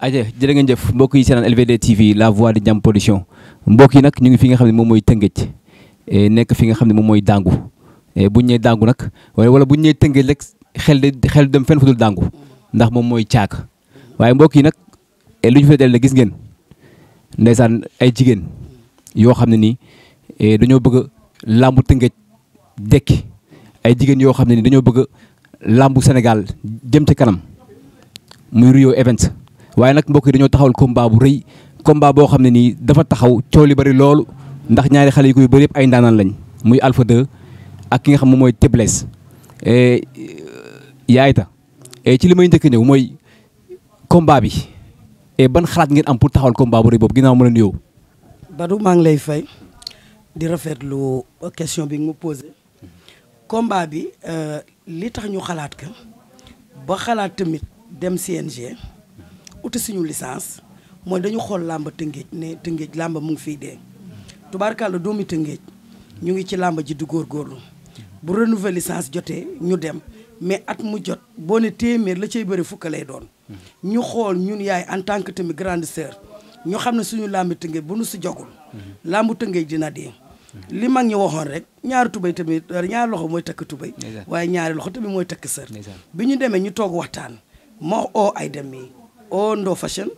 aje jërë ngeen jëf mbokk yi seenaan LVD TV la voix de Jam Production mbokk yi nag ñu ngi fi nga xam ne moom mooy e nekk fi nga xam ne moom mooy dàngu e, bu ñu nee dàngu nag wala bu ñu nee Tëngéej rek xel xel dem fen fu dul ndax moom mooy caak waaye mbokk yi nag e, lu ñu fa del gis ngeen ndeysaan ay jigéen yoo xam ne ni e, dañoo bëgg làmbu Tëngéej dekki ay jigéen yoo xam ne ni dañoo bëgg làmbu Sénégal jëm ci kanam muy Rio Event waaye nag mbokk dañoo taxawal combat bu rëy combat boo xam ne nii dafa taxaw coow li bari loolu ndax ñaari xale yu koy bëri yëpp ay ndaanaan lañ muy Alpha ak ki nga xam moom mooy Tébélès e, yaayta e, ci li may njëkk ñëw mooy combat bi e, ban xalaat ngir am pour taxawal combat bu rëy boobu ginnaaw ma la yow. Badou maa ngi lay fay di rafetlu question bi nga posé combat bi euh, li tax ñu xalaat ka ba xalaat tamit dem CNG. uti suñu licence mooy dañu xool làmb tëngéej ne tëngéej làmb mu ngi fiy dee tubaarkàlla doomi tëngéej ñu ngi ci làmb ji du góorgóorlu bu renouveler licence jotee ñu dem mais at mu jot boo ne téeméer la cay bëri fukk lay doon hmm. ñu xool ñun yaay en tant que tamit grande sœur ñu xam ne suñu làmb tëngéej bu nu si jogul hmm. làmb tëngéej dina dee hmm. li mag ñi waxoon rek ñaar tubay tamit euh, ñaar loxo mooy takk tubay waaye ñaari loxo tamit mooy takk sër bi ñu demee ñu toog waxtaan moo ay dem au Ndo Fashion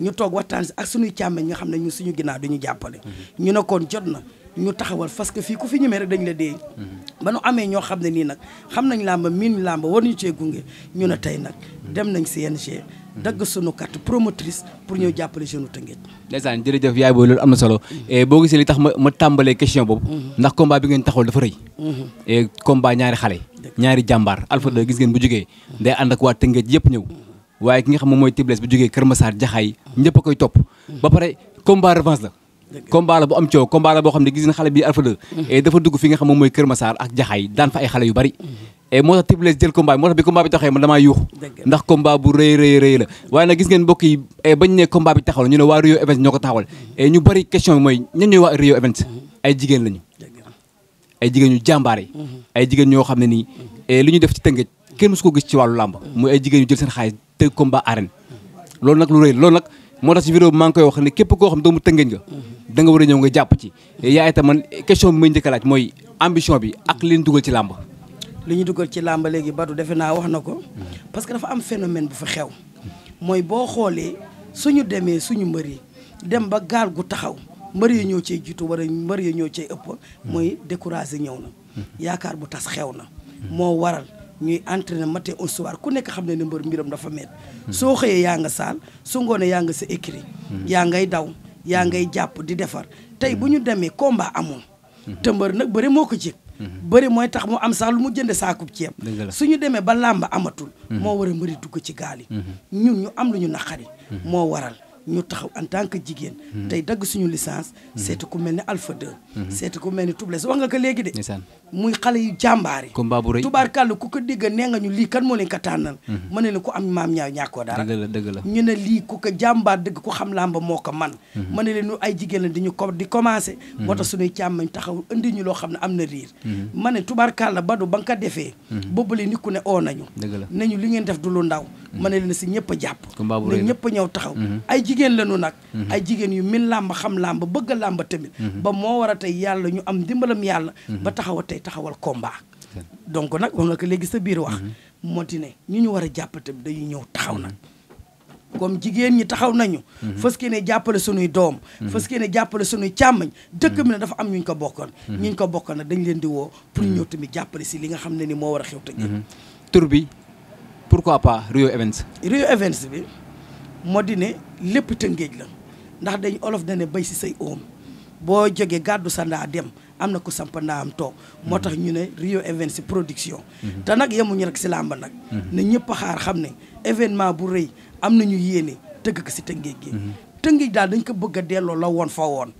ñu toog waxtaan si ak suñuy càmmeñ nga xam ne ñu suñu du duñu jàppale ñu ne kon jot na ñu taxawal parce que fii ku fi ñemee rek dañ la dee. Mhm. ba nu amee ñoo xam ne nii nag xam nañ làmb miin làmb war ñu cee gunge ñu ne tey nag mhm. dem nañ CNG. Mhm. dagg sunu carte promotrice pour ñëw jàppale jeune Tëngéej. ndeysaan jërëjëf yaay booy loolu am na solo. Eh, boo gisee li tax ma ma tàmbalee question boobu. ndax combat bi ngeen taxawal dafa rëy. Eh, combat ñaari xale. ñaari jàmbaar Alpha 2 gis ngeen bu jógee. day ànd ak waa Tëngéej yëpp ñëw. waaye ki nga xam moom mooy Tibles bu jógee Kër Massar Jaxaay ñëpp a koy topp ba pare combat revanche la combat la bu am coow combat la boo xam ne gis na xale bi mm-hmm. moom mooy Kër Massar ak Jaxaay daan fa ay xale yu bari mm-hmm. et moo tax Tibles jël la waaye bañ ne combat bi taxawal ñu ne waa Rio Events ñoo ko taxawal mm-hmm. et ñu bari question bi mooy ñan ñooy waa Rio Events ay jigéen ñu xam ne nii li ñu def ci tëngëj kenn su ko gis ci wàllu làmb muy ay jigéen ñu jël seen xaalis tëgg combat arène loolu nag lu rëy loolu nag moo tax si vidéo bi maa ngi koy wax ne képp koo xam doomu tëngéej nga da nga war a ñëw nga jàpp ci yaa itam man question bi may njëkk a laaj mooy ambition bi ak li ñu dugal ci làmb li ñu dugal ci làmb léegi Badou defe naa wax na ko parce que dafa am phénomène bu fa xew mooy boo xoolee suñu demee suñu mbër yi dem ba gaal gu taxaw mbër yi ñoo cay jiitu wala mbër yi ñoo cay ëpp mooy découragé ñëw na yaakaar bu tas xew na ñuy entraîner matin au soir ku nekk xam ne ne mbër mbiram dafa met soo xëyee yaa nga saal su ngoonee yaa nga sa écrit yaa ngay daw yaa ngay jàpp di defar tey bu ñu demee combat amul te mbër nag bëri moo ko jëkk bëri mooy tax mu am sax lu mu jënd saakub ceeb su ñu demee ba làmb amatul mhm. moo war a mbëri dugg ci gaal yi mhm. ñun ñu am lu ñu naqari mhm. moo waral ñu taxaw en tant que jigéen tey dagg suñu licence seetu ku mel ni Alpha 2 ku mel ni Tubles wax nga ko léegi de muy xale yu jàmbaar yi combat bu rëy tubaarkàll ku ko dégg nee nga ñu lii kan moo ka ko tànnal mhm. ma ne la ku am maam ñaaw ñàkkoo dara dëgg la dëgg la ñu ne lii ku ko jàmbaar dëgg ku xam làmba moo ko man mhm. ma ne leen ay jigéen la di ñu ko di commencé mhm. moo tax suñuy càmmañ taxaw indi ñu loo xam ne am na riir ma ne tubaarkàll badu ba nga ko defee boobale nit ku ne oo nañu nañu li ngeen def du lu ndaw ma ne leen si ñëpp a jàpp ne ñëpp a ñëw taxaw ay jigéen lañu nag ay jigéen yu min làmba xam làmba bëgg làmba tamit ba moo war a tey yàlla ñu am dimbalam yàlla ba taxaw tey taxawal combat. donc nag wax nga ko léegi sa biir wax. Mhm. moo ti ñu ñu war a jàpp tamit dañuy ñëw taxaw na. Mhm. comme jigéen ñi taxaw nañu. Mhm. fas ne jàppale sunuy doom. fas ne jàppale sunuy càmmañ. dëkk mi ne dafa am ñu ñu ko bokkoon. ñu ñu ko bokkoon nag dañ leen di woo. pour ñëw tamit jàppale si li nga xam ne ni moo war a xew te tur bi pourquoi pas Rio Events. Rio Events bi moo di ne lépp tëngéej la ndax dañ olof na ne bay si say oom boo jógee gàddu sa ndaa dem. am na ku samp am toog moo mm-hmm. tax ñu ne Rio Events production mm-hmm. te nag yemuñu rek si làmb nag mm-hmm. ne ñëpp xaar xam ne événement bu rëy am nañu yéene tëgg ko si tëngéej gi tëngeej daal dañ ko bëgg a delloo la woon fa woon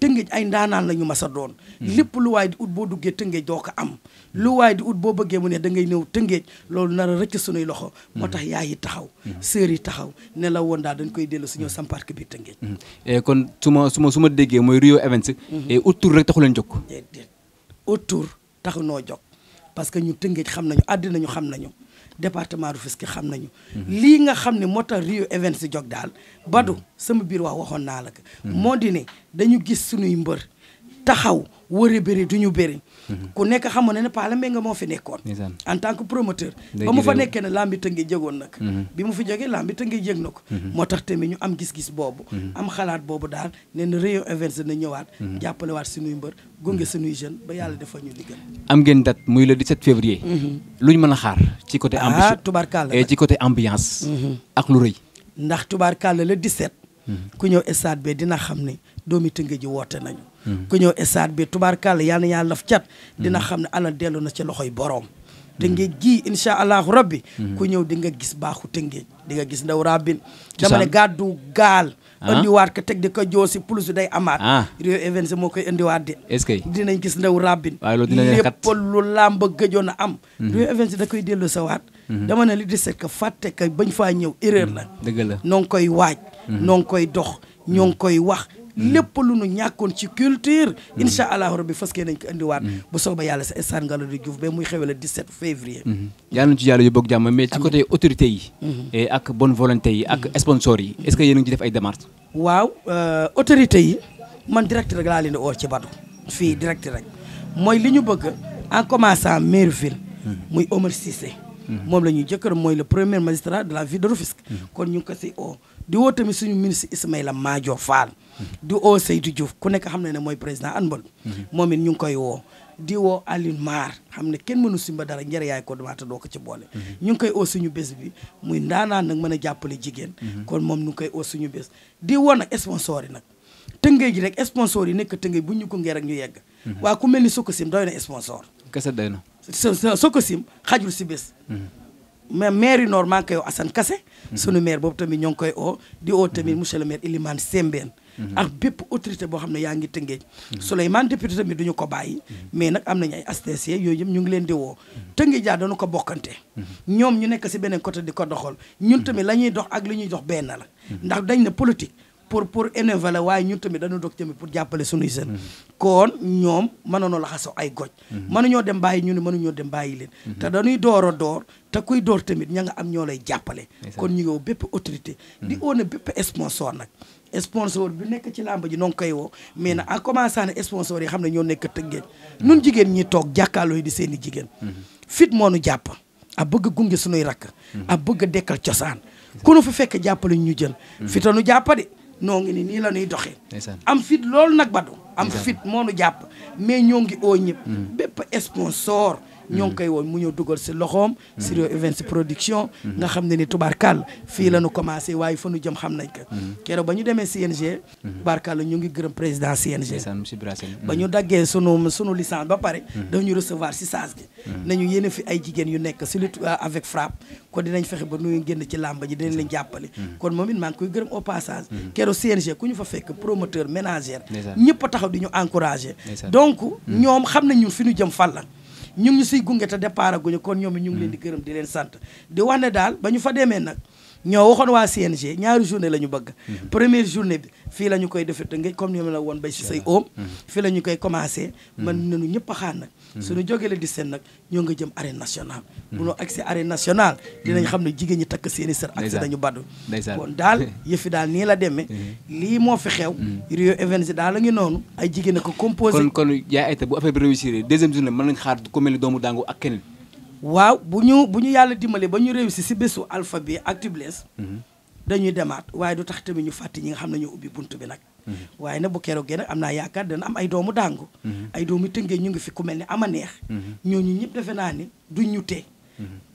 tëngéej ay ndaanaan la ñu mas a doon lépp lu waay di ut boo duggee tëngéej doo ko am lu waaye di ut boo bëggee mu ne da ngay ñëw tëngéej loolu nar a rëcc sunuy loxo moo tax yaay yi taxaw sœurs yi taxaw ne la woon daal dañ koy dellu suñoo sampark bi tëngéej mm-hmm. eh, kon su ma su ma su ma déggee mooy Rio Events mm-hmm. eh, autour rek taxu leen jóg autour tax noo jóg parce que ñu tëngéej xam nañu àddina ñu xam nañu département Rufisque xam nañu. lii nga xam ne moo tax Rio Events jog daal. Badou sama biir wax waxoon naa la ko. Mm-hmm. moo di ne dañu gis sunuy mbër taxaw wëre bëri du ñu bëri. Mhm. ku nekk xamoon na ne Pala Mbengue moo fi nekkoon en tant que promoteur ba mu fa nekkee ne lambi tëngeej jégoon nag mhm. bi mu fi jógee lambi tëngeej jég na ko mhm. moo tax tamit ñu am gis-gis boobu am xalaat boobu daal ne na Rio Events na ñëwaat jàppale waat suñuy mbër gunge suñuy jeune ba yàlla dafa ñu liggéey am ngeen date muy le 17 février lu ñu mën a xaar ci côté ah, ambition tubaarkàlla eh, ci côté ambiance ak lu rëy ndax tubaarkàlla le 17 ku ñëw stade bi dina xam ne doomi tëngeej ji woote nañu Mhm. ku ñëw stade bi tubaarkàlla yal na yàlla laf cat mhm. dina xam ne alal dellu na ci loxoy boroom mhm. tëngéej gii incha allahu rabbi ku ñëw di nga gis baaxu tëngéej di nga gis ndaw rabbin dama ne gàddu gaal indiwaat ah. ko teg di ko joosi plus day amaat ah. Rio Évents moo koy indiwaat de est-ce gis ndaw rabbin lépp lu làmb gëjoon a am Rio Évents da koy dellu sa waat dama ne li di set que fàtte que bañ faa ñëw erreur la dëgg noo ngi koy waaj noo ngi koy dox ñoo ngi koy wax Mm. lépp lu nu ñàkkoon ci culture mm. incha allahu rabbi fas kee nañ ko indiwaat mm. bu soobee yàlla sa stade Ngalandou Diouf ba muy xewee le 17 février mm-hmm. yàlla na ci yàlla yu bokk jàmm mais ci côté autorité yi mm-hmm. ak bonne volonté yi ak mm-hmm. sponsors yi est a ngi euh, yi man direct rek laa leen di ci Badou fii direct rek mooy li ñu bëgg en commençant maire ville muy Omar Cissé moom la ñuy jëkkër mooy le premier magistrat de la ville de Rufisque kon ñu ngi ko si oo di woo tamit suñu ministre Ismaïla Madior Fall di oo Seydou Diouf ku nekk xam ne ne mooy président ANBOL moom it ñu ngi koy woo di woo Alioune Mar kenn mënu simba dara njëre yaay ko damaa doo ko ci boole ñu ngi koy oo suñu bés bi muy ndaanaan nag mën a jàppale jigéen kon moom ñu ngi koy oo suñu bés di woo nag sponsor yi nag tëngéej ji rek sponsor yi nekk tëngéej bu ñu ko ngee rek ñu yegg mhm. waa ku mel ni sukkasim doy na sponsor kese doy na Sococim xajul si bés mm-hmm. mais maire Nord maa ngi koy woo Assane Kassé mm-hmm. sunu boobu tamit ñoo ngi koy oo di oo tamit mm-hmm. monsieur le maire Ilimane Sembène ak bépp autorité boo xam ne yaa ngi Tëngéej Souleymane député tamit duñu ko bàyyi mais nag am nañu ay astécie yooyu yëpp ñu ngi leen di woo Tëngéej daal ko bokkante ñoom ñu nekk si beneen côté di ko doxal ñun tamit la ñuy dox ak li ñuy dox benn la ndax dañ ne politique pour pour énerver la waaye ñun tamit dañu dog tamit pour jàppale suñuy jeunes kon ñoom mënoon la xasaw ay goj mhm. mënuñoo dem bàyyi ñu ne mënuñoo dem bàyyi leen mhm. te dañuy door a door te kuy door tamit ña nga am ñoo lay jàppale kon ñu ngi woo bépp autorité mhm. di oo na bépp sponsor nag sponsor bi nekk ci làmb ji noo ngi koy woo mais na en commençant ne sponsor yi xam ne ñoo nekk tëggeen nun jigéen ñi toog jàkkaarloo yi di seen i jigéen fit moo nu jàpp a bëgg gunge suñuy rakk a bëgg a dekkal cosaan ku nu fa fekk jàppale ñu jël fitanu jàppade noo ngi ni nii la ñuy doxee am fit loolu nag badu am fit moo nu jàpp mais ñoo ngi oo ñëpp mm. bépp sponsor ñoo ngi mm. koy woon mu ñëw dugal si loxoom mm. Sirio Events production mm-hmm. nga xam ne ni tubaarkàll fii mm-hmm. la nu commencé waaye fa nu jëm xam nañ ko mm-hmm. keroog ba ñu demee CNG tubaarkàll ñu ngi gërëm président CNG ba ñu daggee sunu sunu licence ba pare dañu recevoir si saas bi nañu yéen fi ay jigéen yu nekk si lutte euh, avec frappe kon dinañ fexe ba nuyu génn ci làmba ji dinañ lañ jàppale kon moom it maa ngi koy gërëm au passage keroog CNG ku ñu fa fekk promoteur ménagère ñëpp a taxaw di ñu encouragé donc ñoom xam nañ ñun ñu jëm fan la ñu ngi ñu siy gunge te départ aguñu kon ñoom it ñu ngi leen di gërëm di leen sant di wane daal ba ñu fa demee nag ñoo waxoon waa CNG ñaari journée la ñu bëgg mhm. première journée bi fii la ñu koy defee Tëngéej comme ni ma woon bay si say oom mhm. fii la ñu koy commencé mhm. man nañu ñëpp xaar nag suñu jógee la di seen nag ñoo nga jëm arène national bu noo accès arène nationale dinañ xam ne jigéen ñi takk seeni sër accès dañu baddu kon daal yëfi daal nii la demee lii moo fi xew Rio Events daal la ngi noonu ay jigéen a ko composé kon kon yaa ayta bu affaire bi réussir deuxième journée mën nañ xaar ku mel ni doomu daangu ak keneen waaw bu ñu bu ñu yàlla dimbalee ba ñu réussir si bésu alpha bi ak tubless mhm. dañuy demaat waaye du tax tamit ñu fàtte ñi nga xam nañu ñoo ubbi bunt bi nag mhm. waaye nag bu keroog gee am naa yaakaar dana am ay doomu dàngu mhm. ay doomu tëngee ñu ngi fi ku mel ne ama neex ñooñu ñëpp defe naa ni du ñu tee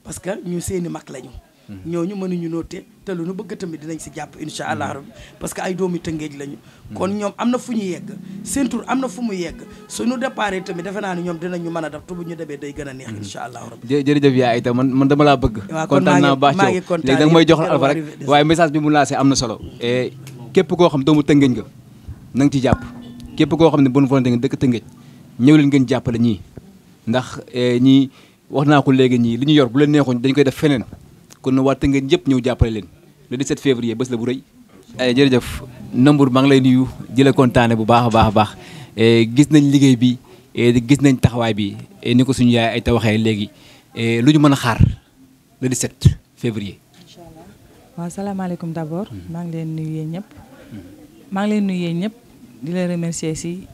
parce que ñu seeni mag lañu Mm-hmm. ñooñu mënuñu noo te te lu nu bëgg tamit dinañ si jàpp incha allah mm-hmm. parce que ay doomi tëngéej lañu. Mm-hmm. kon ñoom am na fu ñu yegg seen tur am na fu mu yegg nu départ tamit defe naa ne ñoom dinañu mën a def te bu ñu demee day gën a neex incha allah rabbi jërëjëf yaa itam man man dama laa bëgg baax ci yow léegi danga may joxal alfa rek waaye message bi mu lancé am na solo eh, képp koo xam doomu tëngéej nga na nga ci jàpp képp koo xam ne bonne volonté nga dëkk tëngéej ñëw leen ngeen jàppale ñii ndax eh, ñii wax naa ko léegi ñii li ñu yor bu leen neexoon dañ koy def feneen kon na waa Tëngéej yëpp ñëw jàppale leen le 17 février bés la bu rëy. ay eh, jërëjëf Nambour maa ngi lay nuyu di la kontaane bu baax a baax baax eh, gis nañ liggéey bi eh, gis nañ taxawaay bi ni ko suñu yaay ay ta waxee léegi lu ñu mën a xaar le 17 février. incha allah waaw salaamaaleykum d' abord. maa ngi leen nuyu yéen ñëpp. maa ngi leen nuyu yéen ñëpp di la remercier si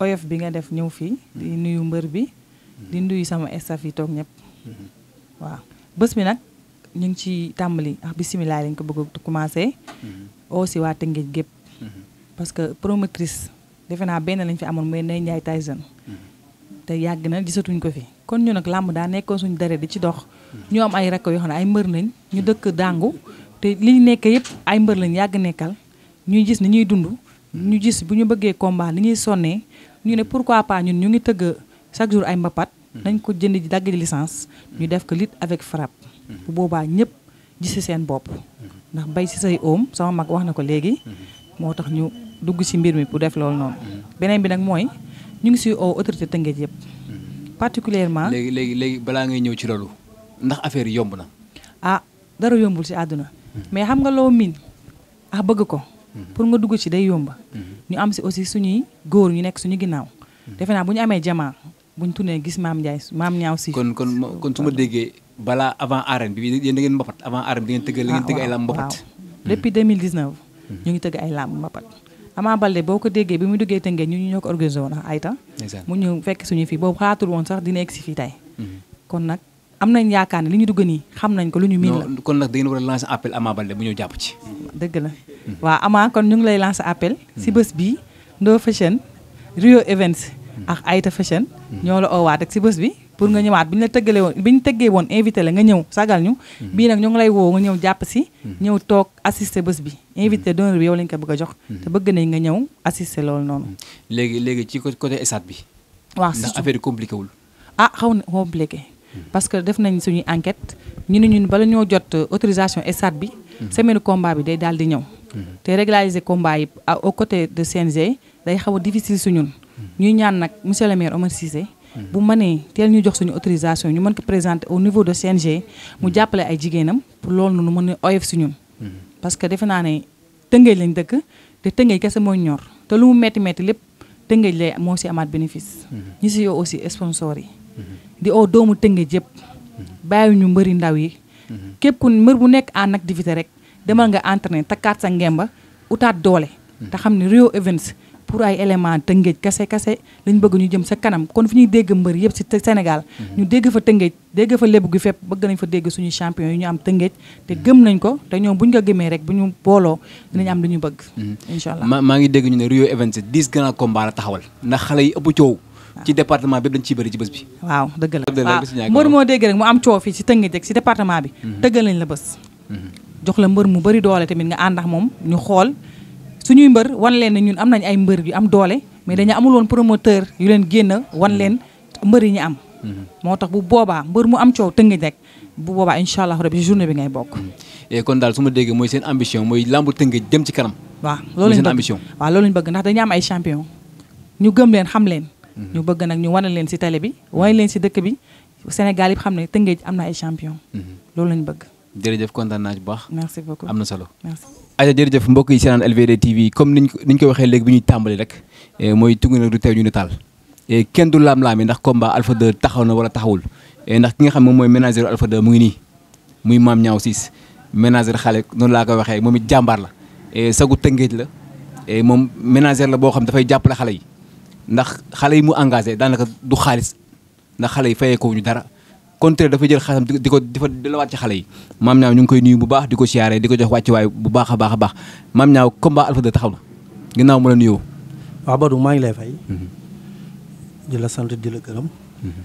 oyof bi nga def ñëw fii di nuyu mbër bi. di nuyu sama staff toog ñëpp. waaw bés bi nag. ñu ngi ci tàmbali ah bisimilah lañ ko bëgg a commencé. Mm-hmm. aussi waa Tëngéej gépp mm-hmm. parce que promotrice defe naa benn lañ fi amoon mooy Ndeye Ndiaye Tyson. Mm-hmm. te yàgg na gisatuñ ko fi kon ñu nag làmb daa nekkoon suñu dare di ci dox. ñu am ay rakk yoo xam ne ay mbër lañ. ñu dëkk dàngu te li ñu nekk yëpp ay mbër lañ yàgg nekkal ñuy gis ni ñuy dund. ñu gis bu ñu bëggee combat ni ñuy sonnee ñu ne pourquoi pas ñun ñu ngi tëgg chaque jour ay mbapat. Mm-hmm. nañ ko jënd ji dagg ji licence mm-hmm. ñu def ko lutte avec frappe mm-hmm. bu boobaa ñëpp gis ci seen bopp ndax bay ci say oom sama mag wax na ko léegi moo tax ñu dugg ci mbir mi pour def loolu noonu beneen bi nag mooy ñu ngi ci oo autorité Tëngéej yëpp particulièrement léegi léegi léegi balaa ngay ñëw ci loolu ndax affaire yomb na ah dara yombul ci àdduna mais xam nga loo miin ax ah, bëgg ko pour nga dugg ci day yomba ñu am ci aussi suñuy góor ñu nekk suñu ginnaaw defe naa bu ñu amee jamaa bu ñu tunee gis maam Ndiaye maam ñaaw si. kon kon kon ma déggee balaa avant arène bi yéen da ngeen mbapat avant arène bi da ngeen tëgg da ah, ñu ngi tëgg ay làmb mbapat. Ama Baldé boo ko déggee bi mu duggee tëngee ñu ñoo ko organisé woon ay temps. mu ñu fekk suñu fii boobu xaatul woon sax dina egg si fii tey. Mhm. kon nag am nañ yaakaar ne li ñu dugg nii xam nañ ko lu ñu miin la. kon nag da ngeen war a lancer appel Ama Baldé bu ñëw jàpp ci. dëgg la mhm. waaw Ama kon ñu ngi lay lancer appel. si mhm. bés bii Ndo Fashion Rio Events ak Aïta Fashion ñoo la owaat si bés bi pour nga ñëwaat bi ñu la tëggale woon bi ñu tëggee woon invité la nga ñëw sagal ñu bii nag ñoo ngi lay woo nga ñëw jàpp si ñëw toog assister bés bi invité d'honneur bi yow lañ ko bëgg a jox te bëgg nañ nga ñëw assister loolu noonu léegi léegi ci côté stade bi waaw ndax wul ah xaw na compliqué parce que def nañ suñuy enquête ñu ne ñun bala ñoo jot autorisation stade bi semaine combat bi day daal di ñëw te régulariser combat yi ah, au côté de CNG day xaw a difficile suñun ñuy ñaan nag monsieur le maire Omar Cissé bu mënee teel ñu jox suñu autorisation ñu mën ko présenté au niveau de CNG mu jàppale ay jigéenam pour loolu nu mën a oyof si ñun parce que defe naa ne tëngéej lañ dëkk te tëngéej kese mooy ñor te lu mu metti metti lépp tëngéej lay moo si amaat bénéfice ñi si yow aussi sponsor yi di oo doomu tëngéej yëpp bàyyi ñu mbëri ndaw yi képp ku mbër bu nekk en activité rek demal nga entraîné takkaat sa ngemba utaat doole te xam ne Rio Events pour ay élément tëngéej kase kase lañ bëgg ñu jëm sa kanam kon fi ñuy dégg mbër yëpp si Sénégal mhm. ñu dégg fa tëngéej dégg fa lébu gi fépp bëgg nañ fa dégg suñu champion yi ñu am tëngéej te mhm. gëm nañ ko te ñoom bu ñu ko gëmee rek bu ñu booloo dinañ am lu ñu bëgg mhm. incha maa ngi dégg ñu ne Rio Events dix grands combats la taxawal ndax xale yi ëpp coow ci bi dañ ciy bëri ci bés bi waaw dëgg la waaw mbër moo dégg rek mu am coow fii si tëngéej rek si département bi tëggal lañ la bés jox la mbër mu bëri doole tamit nga ànd ak moom ñu xool suñuy mbër wan leen ne ñun am nañ ay mbër yu am doole mais dañu amuloon woon promoteur yu leen génn wan leen mbër yi ñu am. Mm-hmm. moo tax bu boobaa mbër mu am coow tëngëj rek bu boobaa incha allah rabi journée bi ngay bokk. Mm-hmm. kon daal su ma déggee mooy seen ambition mooy lambu tëngëj dem ci kanam. waaw loolu seen ambition waaw loolu ñu bëgg ndax dañu am ay champion ñu gëm leen xam leen. Mm-hmm. ñu bëgg nag ñu wane leen si télé bi wane leen si dëkk bi Sénégal yëpp xam ne tëngëj am na ay champion loolu lañ bëgg. jërëjëf kontaan naa bu baax. merci beaucoup am na solo aja jërëjëf mbokk yi seenaan LVD TV comme niñ niñ ko waxee léegi bi ñuy tàmbali rek eh, mooy tungu nag du teew ñu ne taal eh, kenn du laam-laam yi ndax combat Alpha taxaw na wala taxawul eh, ndax ki nga xam moom mooy ménager Alpha mu ngi nii muy maam ñaaw siis ménager xale noonu laa ko waxee moom it jàmbaar la sagu tëngéet la moom ménager la boo xam dafay jàppale xale yi ndax xale yi mu engagé daanaka du xaalis ndax xale yi fay kow ñu dara contraire dafa jël xaasam di ko di ko delawaat ci xale yi maam ñaaw ñu ngi koy nuyu bu baax di ko siyaare di ko jox wàccuwaay bu baax a baax a baax maam ñaaw combat Alpha 2 taxaw na ginnaaw mu la nuyoo. waaw Badou maa ngi lay fay. Mhm. di la sant di la gërëm. Mhm.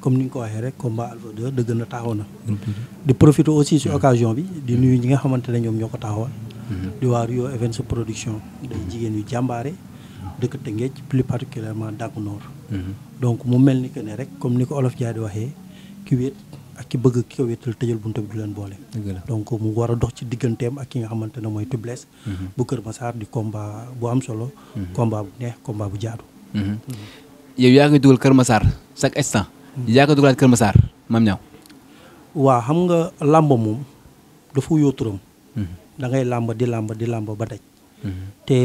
comme ni nga ko waxee rek combat Alpha 2 na taxaw na. Mhm. aussi ci occasion bi di nuyu ñi nga xamante ne ñoom ñoo ko taxawal. di waa Rio Events production day jigéen yu jàmbaare. dëkk Tëngéej plus particulièrement Dàggu Noor. mu mel ni que ne rek comme ni ko olof Dia di waxee. ki wéet ak ki bëgg ki ko wéetal tëjal buntu bi du leen boole donc mu war a dox ci digganteem ak ki nga xamante ne mooy Tublees mhm. bu Kër Massar di combat bu am solo mhm. combat bu neex combat bu jaadu mhm. yow yaa ngi dugal Kër Massar chaque instant yaa ngi dugalaat Kër Massar Mame Niang waaw xam nga làmb moom dafa wuyoo dangay làmba di làmb di làmb ba daj te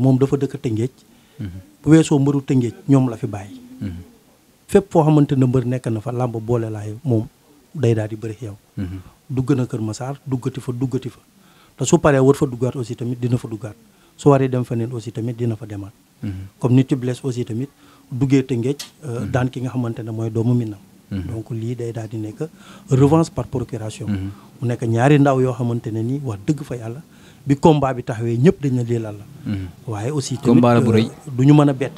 moom dafa dëkk Tëngéej bu weesoo mbëru Tëngéej ñoom la fi bàyyi fépp foo xamante ne mbër nekk na fa làmb boole laay moom day daal di bëri yow. Mhm. dugg na Kër Massar duggati fa duggati fa te su paree war fa duggaat aussi tamit dina fa duggaat waree dem feneen aussi tamit dina fa demaat. Mhm. comme nit ci blesse aussi tamit duggee Tëngéej. Euh, mhm. daan ki nga xamante ne mooy doomu Minam. donc lii day daal di nekk revanche par procuration. mu nekk ñaari ndaw yoo xamante ne nii wax dëgg fa yàlla bi combat bi taxawee ñëpp dañ na lii lan la. waaye aussi tamit combat euh, du ñu mën a bett.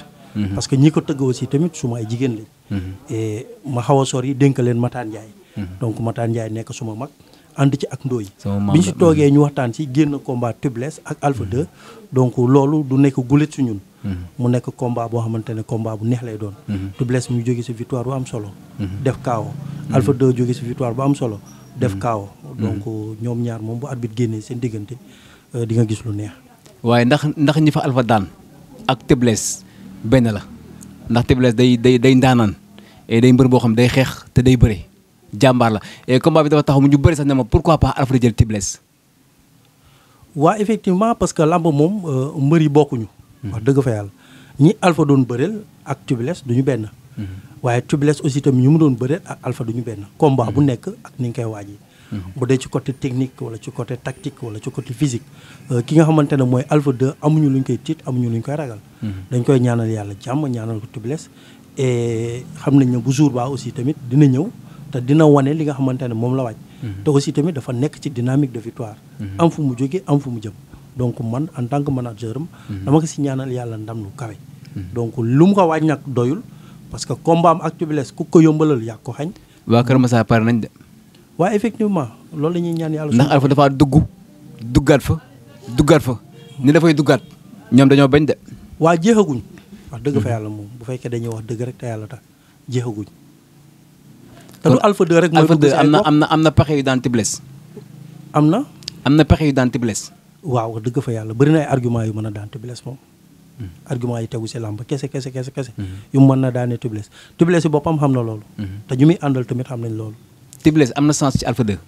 parce que ñi ko tëgg aussi tamit suma ay jigéen lañ. Mm-hmm. ma xaw a sori dénk leen Matane Ndiaye. Mm-hmm. donc Matane nekk suma mag ànd ci ak ndooy bi ñu si toogee ñu waxtaan si génn kombaa tubeless ak alpha 2 mm-hmm. donc loolu du nekk gulet si ñun mu nekk combat boo xamante ne combat bu neex lay doon tubeless mu jóge si victoire bu am solo def kaawo alpha 2 jóge si victoire bu am solo def kaawo donc ñoom ñaar moom bu at arbitre génnee seen diggante euh, di nga gis lu neex waaye ndax ndax ñi fa alpha ak tubeless benn la ndax Tébéléss day day day ndaanaan et day mbër boo xam day xeex te day bëri jàmbaar la et combat bi dafa taxaw mu ñu bëri sax ne ma pourquoi pas Alfred jël Tébéléss. waa effectivement parce que lamb moom euh, mbër yi bokkuñu. Hmm. wax dëgg fa yàlla ñi Alpha doon bëreel ak du ñu benn. Hmm. waaye Tébéléss aussi tamit ñu mu doon bëreel ak Alpha duñu benn. combat hmm. bu nekk ak ni ñu koy waajee. bu dee ci côté technique wala ci côté tactique wala ci côté physique euh, ki nga xamante ne mooy Alpha de amuñu luñ koy tiit amuñu luñ koy ragal mm-hmm. dañ koy ñaanal yàlla jàmm ñaanal ko tubless et xam nañ ne bu jour baa aussi tamit dina ñëw te dina wane li nga xamante ne moom la waaj mm-hmm. te aussi tamit dafa nekk ci dynamique de victoire mm-hmm. am fu mu jóge am fu mu jëm donc man en tant que manager am dama ko si ñaanal yàlla ndam lu kawe donc lu mu ko waaj nag doyul parce que combat am ak Tubilès ku ko yombalal yaa ko xañ waa Kër Massar nañ de waaye effectivement loolu la ñuy ñaan yàlla. ndax Alpha dafa dugg duggaat fa duggaat fa ni dafay duggaat ñoom dañoo bañ de. waa jeexaguñ. wax dëgg fa yàlla moom bu fekkee dañuy wax dëgg rek te yàlla tax jeexaguñ. te du Alpha 2 rek. mooy dugg si am na am na am na pexe yu daan tibles. am na. am na pexe yu daan tibles. waaw dëgg fa yàlla bëri na ay argument yu mën a daan tibles moom. Hmm. argument yi tegu si làmb kese kese kese kese. Hmm. yu mën na daane tibles tibles yi boppam xam na loolu. Hmm. nañ loolu. Tibles am na sens ci Alpha 2.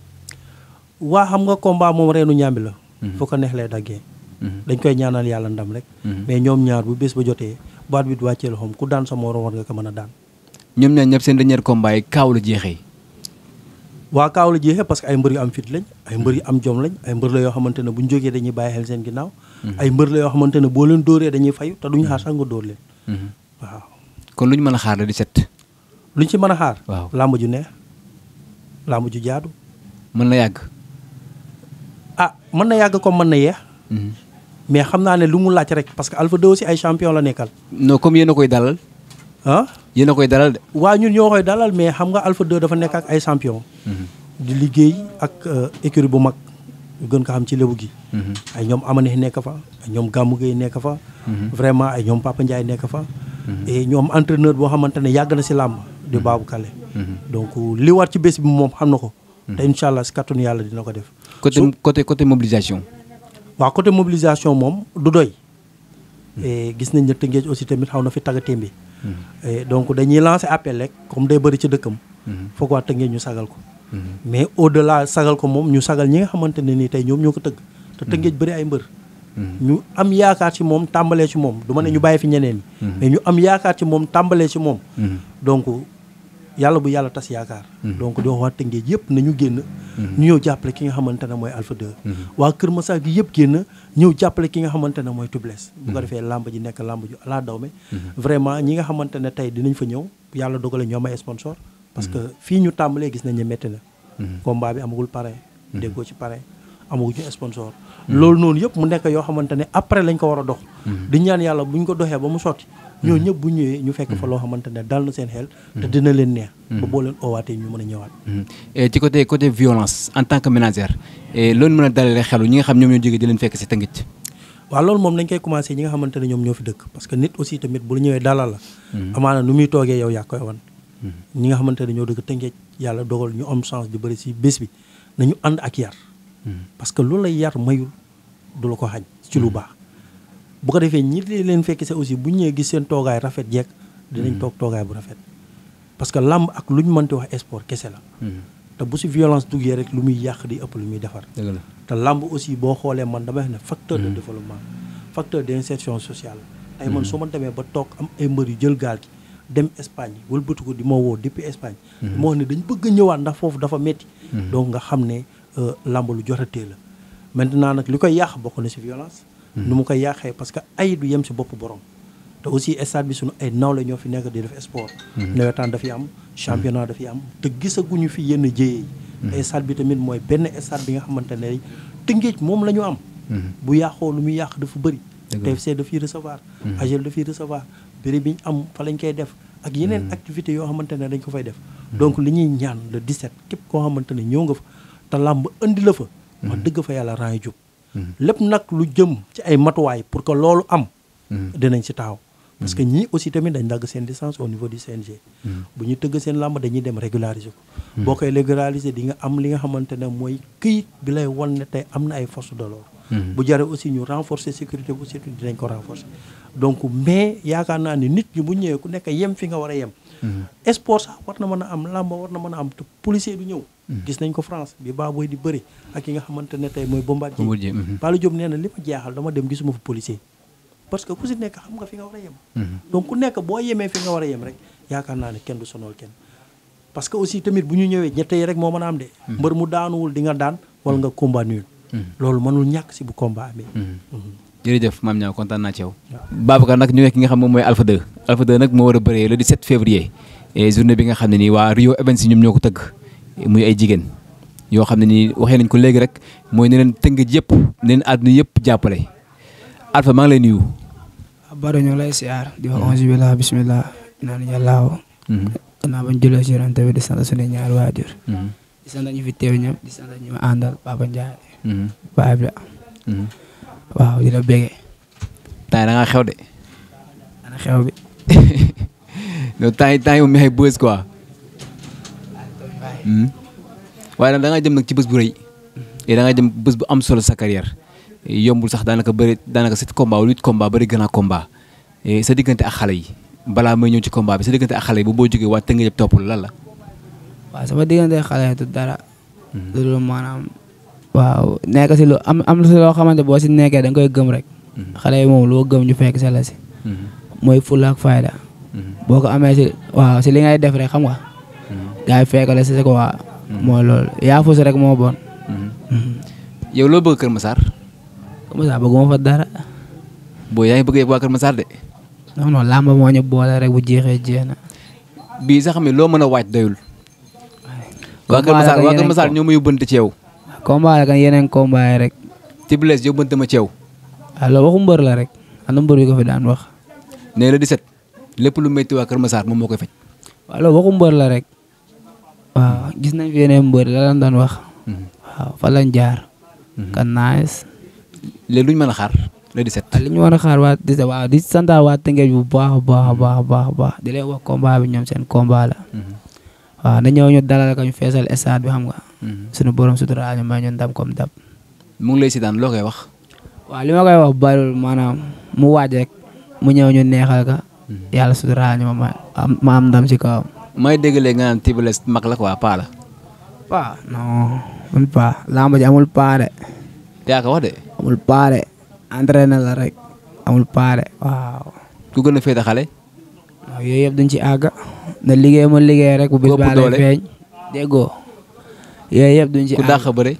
waa xam nga combat moom reenu ñaambi la. Mhm. fu ko neex lay daggee. Mhm. dañ koy ñaanal yàlla ndam rek. Mhm. mais ñoom ñaar bu bés ba jotee baat bi wàccee loxoom ku daan sa moroom war nga ko mën a daan. ñoom ñaar ñëpp seen dernier combat yi kaaw la jeexee. waa kaaw la jeexee parce que ay mbër yu am fit lañ ay mbër yu am jom lañ ay mbër la yoo xamante ne bu ñu jógee dañuy bàyyi xel seen ginnaaw. ay mbër la yoo xamante ne boo leen dóoree dañuy fayu te duñu a xaar la di lu mën a xaar. waaw làmb laa ju jaadu. mën na yàgg. ah mën na yàgg comme mën na yeex. Mhm. mais xam naa ne lu mu laaj rek parce que Alpha 2 aussi ay champion la nekkal. noo comme yéen a koy dalal. ah yéen a koy dalal de. waaw ñun ñoo koy dalal mais xam nga Alpha 2 dafa nekk ak ay champion. Mhm. di liggéey ak euh, écurie bu mag. gën ko xam ci lébu gi. Mhm. ay ñoom Amane nekk fa ay ñoom Gamou Gueye nekk fa. vraiment ay ñoom Papa Ndiaye nekk fa. et ñoom entreneur boo xamante ne yàgg na si làmb. di mhm. Babou Kale. Mhm. donc li war ci bés bi moom xam na ko. Mhm. te incha allah si kàttanu yàlla dina ko def. côté côté côté mobilisation. waaw côté mobilisation moom du doy. Eh, gis nañ ne Tëngéej aussi tamit xaw na fi tàggatéem bi. Eh, donc dañuy lancé appel rek comme day bëri ci dëkkam. foog waa Tëngéej ñu sagal ko. mais au la sagal ko moom ñu sagal ñi nga xamante ne nii tey ñoom ñoo ko tëgg. te Tëngéej bëri ay mbër. ñu am yaakaar ci moom tàmbalee ci moom du ma ne ñu bàyyi fi ñeneen ñi. mais moom tàmbalee ci moom. yàlla bu yàlla tas yaakaar. Mhm. donc di wax waa Tëngéej yëpp ñu génn. Mhm. ñu ñëw jàppale ki nga xamante ne mooy Alpha 2. Mhm. waa Kër Masaa yëpp génn ñëw jàppale ki nga xamante ne mooy Tubles. bu defee làmb ji nekk làmb ju alaa dawme vraiment ñi nga xamante ne tey dinañ fa ñëw yàlla dogale ñoom ay sponsor parce que fii ñu tàmbalee gis nañ ne métti na. combat bi amagul parrain. déggoo ci parrain amaguñu sponsor. loolu noonu yëpp mu nekk yoo xamante ne après lañ ko war a dox. di ñaan yàlla buñ ko doxee ba mu sotti. ñoo hmm. ñëpp bu ñëwee ñu fekk fa hmm. loo xamante ne dal na seen xel. te hmm. dina leen neex. ba boo leen oowaatee ñu mën a ñëwaat. ci côté côté violence en tant que ménagère loolu mën a dalalee xelu ñi nga xam ñoom ñoo jógee di leen fekk si Tëngéej. waaw loolu koy commencé ñi nga xamante ne ñoom ñoo fi dëkk parce que nit aussi tamit bu ñëwee dalal la. amaana nu muy toogee yow yaa koy wan. ñi nga xamante ne ñoo dëkk Tëngéej yàlla dogal ñu am chance di bëri si bés bi nañu ànd ak yar. parce que lu lay yar mayul du la ko xañ ci lu baax bu ko defee ñi leen fekk sa aussi bu ñëwee gis seen toogaay rafet jekk dinañ hmm. toog toogaay bu rafet parce que làmb ak lu ñu mënti wax esport kese la hmm. te bu si violence duggee rek lu muy yàq di ëpp lu muy defar te làmb aussi boo xoolee man damay wax ne facteur de hmm. développement facteur d'insertion sociale ay man su ma demee ba toog am ay mbër yu jël gaal gi dem Espagne wëlbatu ko di ma woo depuis Espagne moo wax ne dañ bëgg ñëwaat ndax foofu dafa metti donc nga xam ne euh, làmb lu jotatee la maintenant nag li koy yàq bokk na si nu mu ko yàqee parce que ay du yem si bopp borom te aussi stade bi suñu ay naw la ñoo fi nekk di def sport mhm. nawetaan dafay am championnat dafay am te gisaguñu fi yenn jéyee yi mhm. stade bi tamit mooy benn stade bi nga xamante ne Tëngéej moom la ñu am mhm. bu yàqoo lu muy yàq dafa bëri TFC dafiy recevoir AGEL dafiy recevoir béréb bi ñu am fa lañ koy def ak yeneen activité yoo xamante ne dañ ko fay def donc li ñuy ñaan di 17 képp koo xamante ne ñëw nga fa te làmb indi la fa wax dëgg fa yàlla rang yi jub lépp nag lu jëm ci ay matuwaay pour que loolu am. dinañ si taaw parce que ñii aussi tamit dañ dagg seen licence au niveau du CNG. bu ñu tëgg seen làmb dañuy dem régulariser ko. boo koy régulariser di nga am li nga xamante ne mooy këyit bi lay wan ne tey am na ay force de l'ordre. bu jaree aussi ñu renforcer sécurité bu surtout dinañ ko renforcer. donc mais yaakaar naa ni nit ñi bu ñëwee ku nekk yem fi nga war a yem. sport sax war na mën a am làmb war na mën a am te policier du ñëw. gis nañ ko France bi Baboy di bëri ak yi nga xamante ne tey mooy Bombardier mhm. Balla Diop nee na li ma jaaxal dama dem gisuma fa policier parce que ku si nekk xam nga fi nga war a yem mhm. donc ku nekk boo yemee fi nga war a yem rek yaakaar naa ne kenn du sonal kenn parce que aussi tamit bu ñu ñëwee ñette yi rek moo mën a am de mhm. mbër mu daanuwul di nga daan wala nga combat nul loolu mënul ñàkk si bu combat amee jërëjëf maam ñaaw kontaan naa ci yow Babacar nag ñu ki nga xam moom mooy Alpha 2 nag moo war a bëree le 17 février bi nga xam ne nii waa Rio Events ñoo ko tëgg muy ay jigéen yoo xam ne nii waxee nañ ko léegi rek mooy ne leen tënk yëpp ne leen àdduna yëpp jàppale Alpha maa ngi lay nuyu. Badou ñu ngi lay siyaar di wax onze billah bismillah naan yàllaaw. Mm-hmm. gannaaw ba ñu jëlee si yonent bi di sant suñu ñaari waajur. Mm-hmm. di sant ñu fi teew ñëpp di sant ñu ma àndal Papa Ndiaye. Paa Abla. waaw di la bége. temps da ngaa xew de. ana xew bi. non temps yi temps yi mu meex bës quoi. Hmm. waaye nag da dem nag ci bés bu rëy eh, da dem bés bu am solo sa eh, yombul sax daanaka bëri daanaka sept combat wala huit komba bëri gën a combat eh, sa diggante ak xale yi balaa may ñëw ci combat bi sa diggante ak xale yi bu boo jógee waa Tëngéej toppul lan la. waaw sama diggante ak xale yi du dara. loolu hmm. maanaam. waaw nekk si lu am am si loo xamante boo si nekkee da koy gëm rek. Hmm. xale yi moom loo gëm ñu fekk sa la si. mooy fulla ak fayda. boo ko amee si li ngay def rek xam nga. gars yi fekkale si quoi. Mhm. mooy loolu yaafus rek moo bon. Mhm. Mhm. yow loo bëgg Kër Massar. Kër Massar bëgguma fa dara. boo yaa ngi bëgg yëpp waa Kër Massar de. non non moo bu jeexee jeex na. bii sax mi loo mën a waaj doyul. waa Kër Massar waa Kër Massar ñoo ma ci la kan yeneen combat yi rek. Tibilès yóbbante ma ci la rek. ana mbër bi ko fi daan lu métti waa Kër Massar moom rek. waaw gis nañ fi yeneen mbër la lan doon wax. Mhm. waaw fa lañ jaar. Mhm. kan nice. léegi ñu mën a xaar le 17. li ñu war a xaar wa 17 waaw di sant waa Tëngéej bu baax a baax a mhm. baax a baax di leen wax combat bi ñoom seen combat la. waaw na ñu dalal ko ñu feesal stade bi xam nga. suñu borom suturaal ñu may ñu ndam comme dab. mu ngi lay si daan loo koy wax. waaw li ma koy wax bariwul maanaam mu waaj rek mu ñëw ñu neexal ka. yàlla suturaal ñu ma am ndam si kawam. may dégg léegi nga naan Tibou Less mag la quoi paa la. paa non amul paa làmb ji amul paa de. yaa ko wax de. amul paa de entraîné la rek amul paa de waaw. ku gën a féete xale. waaw yooyu yëpp dañ ci àgg na liggéey ma liggéey rek. bu bis baa lay feeñ déggoo yooyu yëpp duñ ci àgg ku dàq bëre.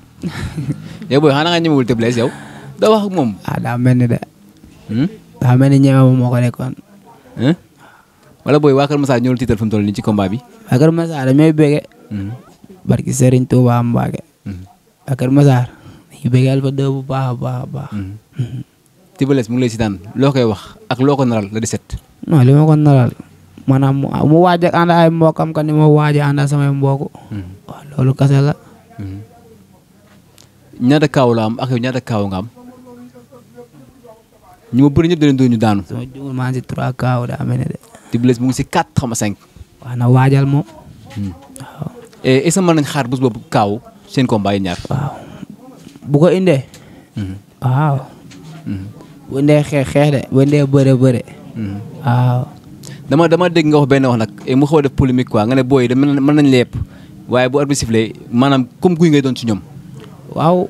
yow booy xanaa nga ñemewul Tibou Less yow. doo wax ak moom. ah daa mel ni de. Hmm? daa mel ni ñeme moo ko nekkoon. Hmm? wala booy waa Kër Masar ñoo la tiital fi mu toll ci combat bi. waa Kër Masar dañuy bëgge. Mhm. barki Serigne Touba Mbacké. Mhm. waa Kër Masar dañuy bëgge Alpha 2 bu baax a baax a baax. Mhm. Tibales wax ak loo ko la di set. non li ko naral maanaam mu waaj ak ànd ay mbokkam ka ni samay mbokk. waaw loolu kese la. ñaata kaaw la am ak yow ñaata kaaw nga am. ñu ma bëri maa ngi si 3 kaaw de. Double Less mu ngi si 4 xam 5. waaw na waajal moom. waaw. Hmm. Eh, est ce que mën nañ xaar bés boobu kaaw seen combat yi ñaar. waaw bu ko indee. Hmm. waaw. Hmm. bu indee xeex xeex de bu indee bëre bëre. waaw. dama dama dégg nga wax benn wax nag eh, mu xaw a def polémique quoi nga ne booy de mën nañ lépp waaye bu arbitre sifflé maanaam comme guy ngay doon ci ñoom. waaw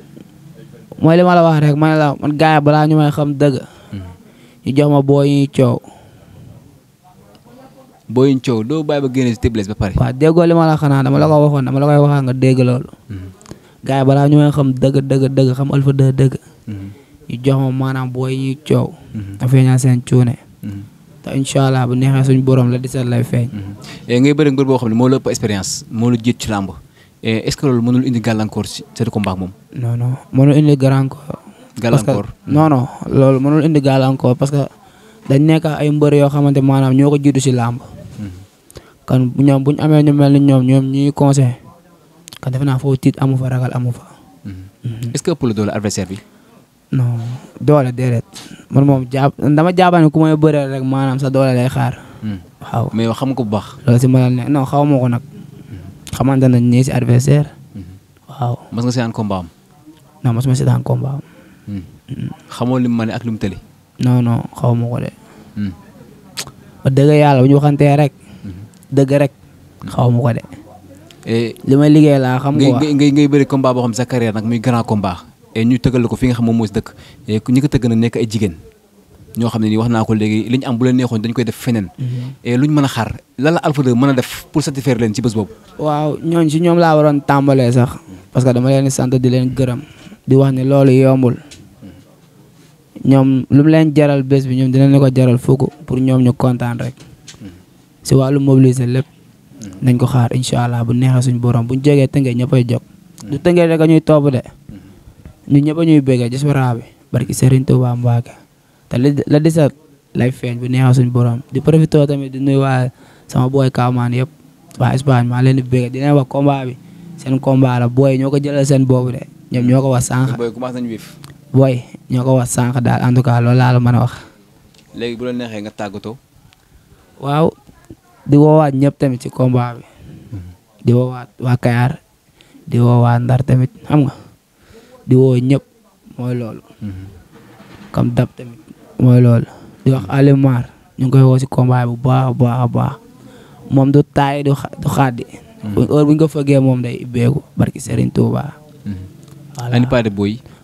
mooy li ma wax rek man la balaa ñu xam dëgg. ñu jox ma booy ñuy coow. booy ñu coow doo bàyyi ba génne si Tip-less ba pare. waaw déggoo li ma la xanaa dama la ko dama la koy nga dégg loolu. Mm-hmm. gars yi balaa ñu xam dëgg dëgg xam alfa dëgg mm-hmm. ñu jox ma maanaam booy ñuy coow. Mm-hmm. a feeñal seen cuune. te incha allah bu neexee suñu borom la di seet lay feeñ. Eh, ngay bëri ngóor boo xam ne moo la ëpp expérience moo la jiit eh, loolu indi gàllankoor si sa combat moom. non non mënul indi gàllankoor. gàllankoor non non loolu mënul indi dañ nekk ay mbër yoo xamante maanaam ñoo ko jiitu si làmb kan ñoom bu ñu amee ñu mel ñoom ñoom ñuy conseil kan defe naa foofu tiit amu fa ragal amu fa. Mm-hmm. est-ce que ëpp la doole adversaire bi. non doole déedéet man moom jaab dama jaabaan ne ku may bëreel rek maanaam sa doole lay xaar. Mm. waaw mais xam ko bu baax. loolu si ma ne non xaw ma ko nag. Mm-hmm. xamante nañ ñii si adversaire. Mm-hmm. waaw mas mas ma seetaan combat am. Mm. Mm. xamoo lim ma ne ak lim tëli. non non xaw ma ko de. ba dëgg yàlla rek. dëgg rek xaw ma ko de. li may liggéey laa xam. nga ngay ngay ngay bëri combat boo sa carrière nag muy grand combat. et ñu tëggal ko fi nga xam moom mooy si dëkk ñi ko tëgg nag nekk ay jigéen ñoo xam ne naa ko li ñu am bu leen neexoon dañ koy def feneen. Mhm. et luñ mën a xaar lan la Alpha 2 mën a def pour satisfaire leen ci bés boobu. waaw ñooñu si ñoom laa waroon tàmbalee sax parce que dama leen di sant di leen gërëm di wax ne loolu yombul ñoom lu mu leen jaral bés bi ñoom dinañ ko jaral fukk pour ñoom ñu kontaan rek. si wàllu mobiliser lépp mm-hmm. nañ ko xaar incha allah bu neexee suñu borom buñ jegee tëngee ñëppay jóg du mm-hmm. tëngee rek a ñuy topp de mm-hmm. ñun ñëpp ñuy béggee Diaspora bi barki Serigne Touba Mbacké te la disat lay feeñ bu neexee suñu borom di profité tamit di nuyu waa sama booy Kaawmaan yëpp waa Espagne maa leen di dina dinañ wax combat bi seen combat la booy ñoo ko jëlal seen boobu de ñoom ñoo ko wax sànq booy ñoo ko wax sànq daal en tout cas loolu laa mën a wax léegi bu la neexee nga tàggatoo di woowaat ñëpp tamit ci combat di woowaat waa Kayaar di woowaat Ndar tamit am nga di woo ñëpp mooy loolu. comme dab tamit mooy loolu. di wax Alimar ñu ngi koy woo ci combat bu baax a baax a baax moom di taay du xaddi heure bu ñu ko fëggee moom day ibbeeku barki Serigne Touba. voilà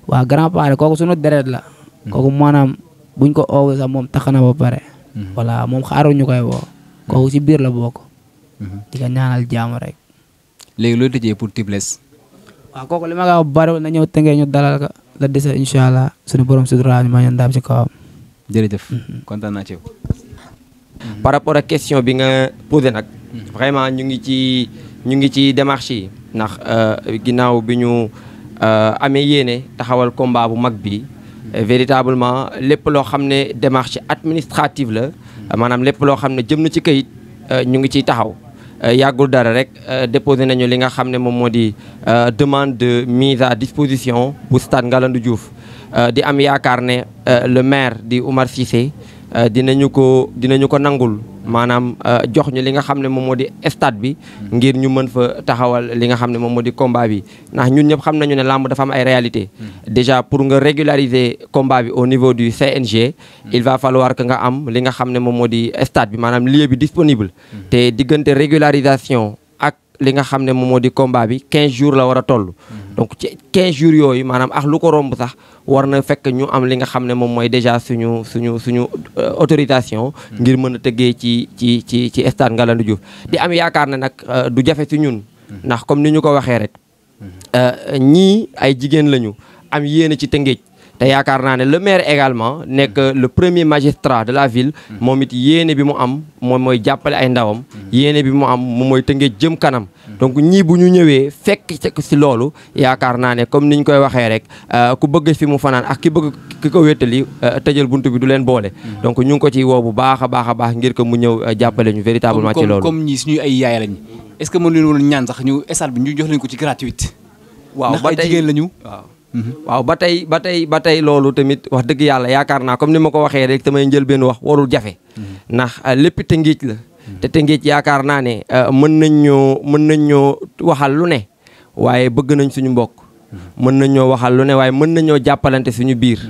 waa grand Paade kooku sunu deret la. Hmm. kooku maanaam buñ ko oowee sax moom tax na ba pare. Hmm. voilà moom xaaruñu koy woo. kooku ci biir la bokk. Mhm. di ko ñaanal jaamu rek. léegi loo tëjee pour Tip-less. kooku li ma la wax bariwul na ñëw tënkee ñu dalal ka la dese incha allah suñu borom suturaañ ma ñu ndam ci kawam. jërëjëf mhm. kontaan naa mhm. rapport ak question bi nga posé nag. vraiment ñu ngi ci ñu ngi ci démarche yi. ndax euh, ginnaaw bi ñu euh, amee yéene taxawal combat bu mag bi véritablement lépp loo xam ne démarche administrative la. maanaam lépp loo xam ne jëm na ci kayit euh, ñu ngi ciy taxaw euh, yàggul dara rek euh, déposé nañu li nga xam ne moom moo di demande de mise à disposition bu stade Ngalandou Diouf di am yaakaar ne le maire di Oumar Cissé Euh, dinañu ko dinañu ko nangul maanaam euh, jox ñu li nga xam ne moom moo di stade bi ngir ñu mën fa taxawal li nga xam ne moom moo di combat bi ndax ñun ñëpp xam nañu ne làmb dafa am ay réalité hmm. déjà pour nga régulariser combat bi au niveau du CNG hmm. il va falloir que nga am li nga xam ne moom moo di stade bi maanaam lieu bi disponible hmm. te diggante régularisation li nga xam ne moom moo di combat bi 15 jours la war a toll. donc ci 15 jours yooyu maanaam ak lu ko romb sax war na fekk ñu am li nga xam ne moom mooy déjà suñu suñu suñu euh, autorisation. ngir mën a tëggee ci ci ci ci stade Ngalandou di am yaakaar ne nag euh, du jafe si ñun. ndax comme ni ñu ko waxee rek. Euh, ñii ay jigéen lañu am yéene ci Tëngéej. te yaakaar naa ne le maire également nekk mm. le premier magistrat de la ville mm. moom it yéene bi mu am moom mooy jàppale ay ndawam mm. yéene bi mu am moom mooy tëngee jëm kanam donc ñii bu ñu ñëwee fekk ci loolu yaakaar naa ne comme niñ koy waxee rek euh, ku bëgg fi mu fanaan ak ki bëgg ki ko wéttali euh, tëjal bunt bi du leen boole donc ñu ngi ko ci woo bu baax a baax a baax ngir que mu ñëw euh, jàppale ñu véritablement ci loolu comme ñii suñuy ay yaay lañ est-ce que mën leen woon ñaan ñu estade bi ñu jox leen ko ci gratuite waaw ba tey jigéen lañu waaw waaw ba tey ba tey ba tey loolu tamit wax dëgg yàlla yaakaar naa comme ni ma ko waxee rek tamay njël benn wax warul jafe ndax euh, lépp te ngiej la te te ngéej yaakaar naa ne euh, mën nañ ñoo mën nañ ñoo waxal lu ne waaye bëgg nañ suñu mbokk mën nañ ñoo waxal lu ne waaye mën nañ ñoo jàppalante suñu biir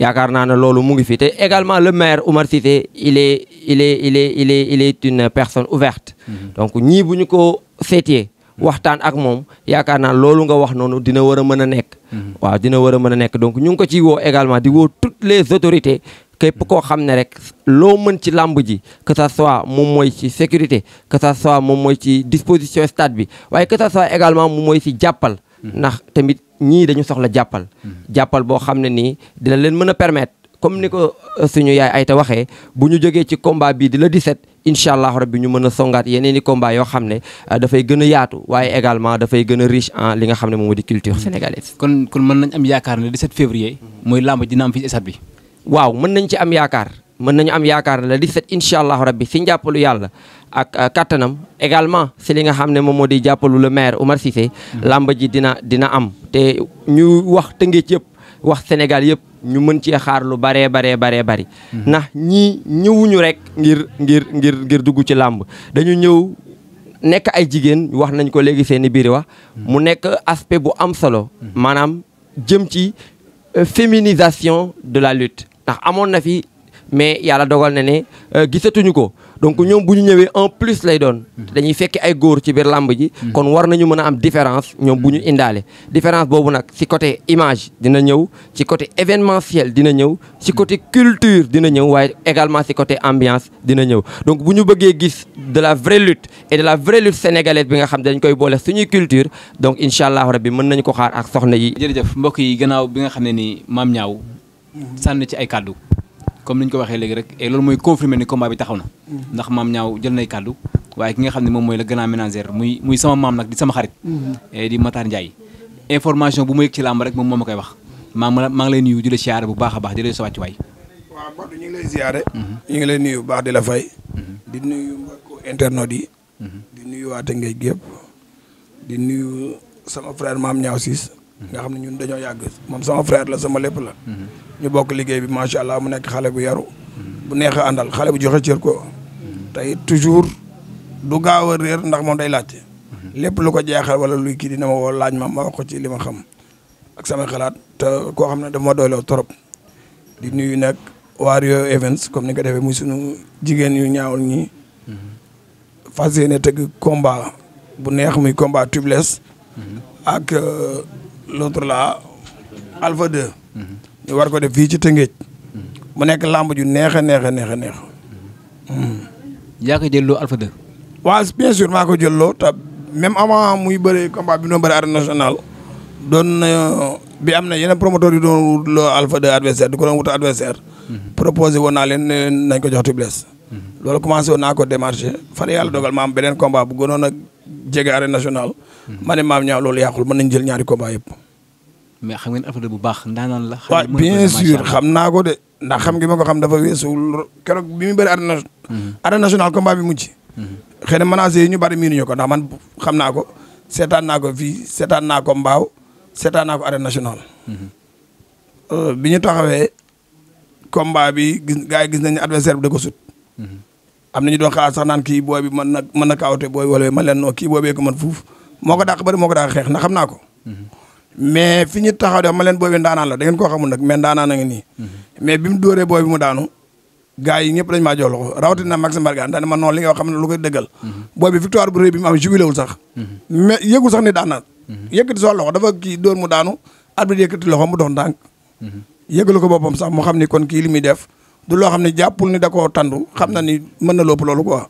yaakaar naa ne loolu mu ngi fi te également le maire Oumar Cissé il est il est il est il est il est une personne ouverte donc ñii bu ñu ko seetee waxtaan ak moom yaakaar naa loolu nga wax noonu dina war a mën a nekk. Mhm. waaw dina war a mën a nekk donc ñu ngi ko ciy woo également di woo toutes les autorités. képp koo xam ne rek loo mën ci làmb ji que ça moom mooy ci sécurité que ça soit moom mooy ci disposition stade bi waaye que ça soit également moom mooy ci jàppal. Mhm. ndax tamit ñii dañu soxla jàppal. Mhm. jàppal boo xam ne nii dina leen mën a permettre. comme ni ko euh, suñu yaay Ayta waxee bu ñu jógee ci combat bii di la 17 incha allah rabbi ñu mën a songaat yeneen i combat yoo xam ne euh, dafay gën a yaatu waaye également dafay gën a riche en li nga xam ne moom di culture sénégalaise. kon kon mën nañ am yaakaar ne 17 février. mooy làmb dina am fii stade bi. waaw mën nañ ci am yaakaar mën nañu am yaakaar ne la 17 incha allah rabbi si njàppalu yàlla. ak euh, kattanam également si li nga xam ne moom moo di jàppalu le maire Oumar Cissé. Mm-hmm. làmba ji dina dina am te ñu wax tëngee ci yëpp wax Sénégal yëpp. ñu mën cee xaar lu baree baree baree bari mhm. ndax ñii ñëwuñu rek ngir ngir ngir ngir dugg ci làmb dañu ñëw nekk ay jigéen wax nañ ko léegi seen i biir wax mhm. mu nekk aspect bu am solo mhm. maanaam jëm ci euh, féminisation de la lute ndax amoon na fi mais yàlla dogal na ne euh, gisatuñu ko donc ñoom bu ñu ñëwee en plus lay doon mm-hmm. dañuy fekki ay góor ci biir làmb ji mm-hmm. kon war nañu mën a am différence ñoom bu ñu mm-hmm. indaale différence boobu nag ci côté image dina ñëw ci côté événementiel dina ñëw ci côté culture dina ñëw waaye également ci côté ambiance dina ñëw donc bu ñu bëggee gis de la vraie lutte et de la vraie lutte sénégalaise bi nga xam dañ koy boole suñuy culture donc incha allah rabbi mën nañu ko xaar ak soxna yi jërëjëf mbokk yi gannaaw bi nga xam ne ni maam ñaaw sànn ci ay kàddu comme ni ñu ko waxee léegi rek et loolu mooy confirmer ni combat bi taxaw na mm-hmm. ndax maam ñaaw jël nay kàddu waaye ki nga xam ne moom mooy la grand ménagère muy muy sama maam nag di sama xarit mm-hmm. di Matar Ndiaye information bu ma yëg ci làmb rek moom moom ma koy wax maa maa ngi lay nuyu di la siyaare bu baax a baax di la sa wàccu waay waaw Badou mm-hmm. ñu ngi lay nuyu bu baax di la fay di nuyu mbokku internet yi di nuyu waa Tëngéej gépp nuyu sama frère maam ñaaw siis nga xam ne ñun dañoo yàgg moom sama frère la sama lépp la. ñu bokk liggéey bi macha allah mu nekk xale bu yaru. bu neex a àndal xale bu joxe cër ko. tey toujours du gaaw a réer ndax moom day laajte. lépp lu ko jeexal wala luy kii dina ma woo laaj ma ma wax ko ci li ma xam. ak sama xalaat te koo xam ne daf ma doyloo trop. di nuyu nag waa Rio Events comme ni ko defee muy sunu jigéen yu ñaawul ñi. fas teg tëgg combat bu neex muy combat tubeless. Euh, l'autre là Alpha war ko def fii ci Tëngéej. mu nekk làmb ju neex a neex a neex a neex. Mm-hmm. yaa ko jëlloo Alpha 2. waaw bien sûr maa ko loo te même avant muy bëri combat bi mu doon bëri arène doon na bi am na yeneen promoteur yu doon wutloo Alpha 2 adversaire du ko doon wuta adversaire mm-hmm. proposé woon leen nañ ko jox Tubeless. Mm-hmm. loolu commencé woon naa ko démarché far yàlla dogal ma am beneen combat bu a jege arène national ma ne maam ñaaw loolu yàqul mën nañ jël ñaari combat yëpp. mais xam ngeen Alfouda bu baax ndaanaan la. xam bien sûr xam naa ko de ndax xam ngi ma ko xam dafa weesuwul keroog bi mu bëri arena. Mhm. arena national combat bi mujj. Mhm. xëy na manager yi ñu bari miinuñu ko ndax man xam naa ko setaan naa ko fii seetaan naa ko mbaaw seetaan naa ko arena national. Mhm. Euh, bi ñu taxawee combat bi gis gars yi gis nañu adversaire bi da ko sut. am na ñu doon xalaat sax naan kii booy bi mën na mën na kaawte booy wala ma leen noo kii booy bee ko mën fuuf moo ko dàq bëri moo ko dàq xeex ndax xam naa ko. mais fi ñu taxaw de ma leen booy ndaanaan la da ngeen koo xamul nag mais ndaanaan na nga nii. mais bi mu dóoree booy bi mu daanu. gars yi ñëpp dañu maa jox loxo rawatina Maxime Bargane daanaka man noonu li nga xam ne lu koy dëggal. Mm-hmm. booy bi bu rëy bi mu am jubilé wul sax. Mm-hmm. mais yëgul sax ni daan na. Mm-hmm. yëkkati loxo dafa kii door mu daanu arbitre yëkkati loxo mu dox ndànk. yëgalu ko boppam sax mu xam ni kon kii li muy def du loo xam ne jàppul ni da koo tàndu xam na ni mën na lópp loolu quoi.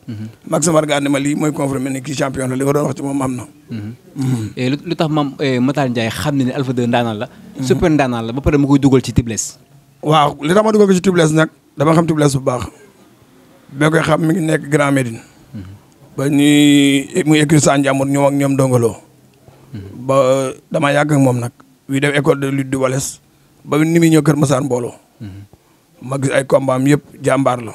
Max Mbargane ma lii mooy confirmé ni kii champion la li nga doon wax ci moom am na. Mm-hmm. lu tax maam eh, Matar Ndiaye xam na ne Alpha 2 ndaanaan la. super ndaanaan la ba pare mu koy dugal ci Tibles. waaw li tax ma dugal ko ci Tibles nag dama xam Tibles bu baax. ba koy xam mi ngi nekk Grand Médine. Mm-hmm. ba ñuy muy écrit Sane Ndiambour ñoom ak ñoom dongaloo. Mm-hmm. ba dama yàgg moom nag. wi def école de lutte du Wales ba ni muy ñëw Kër Masar mbooloo. mag gis ay combat am yëpp jàmbaar la.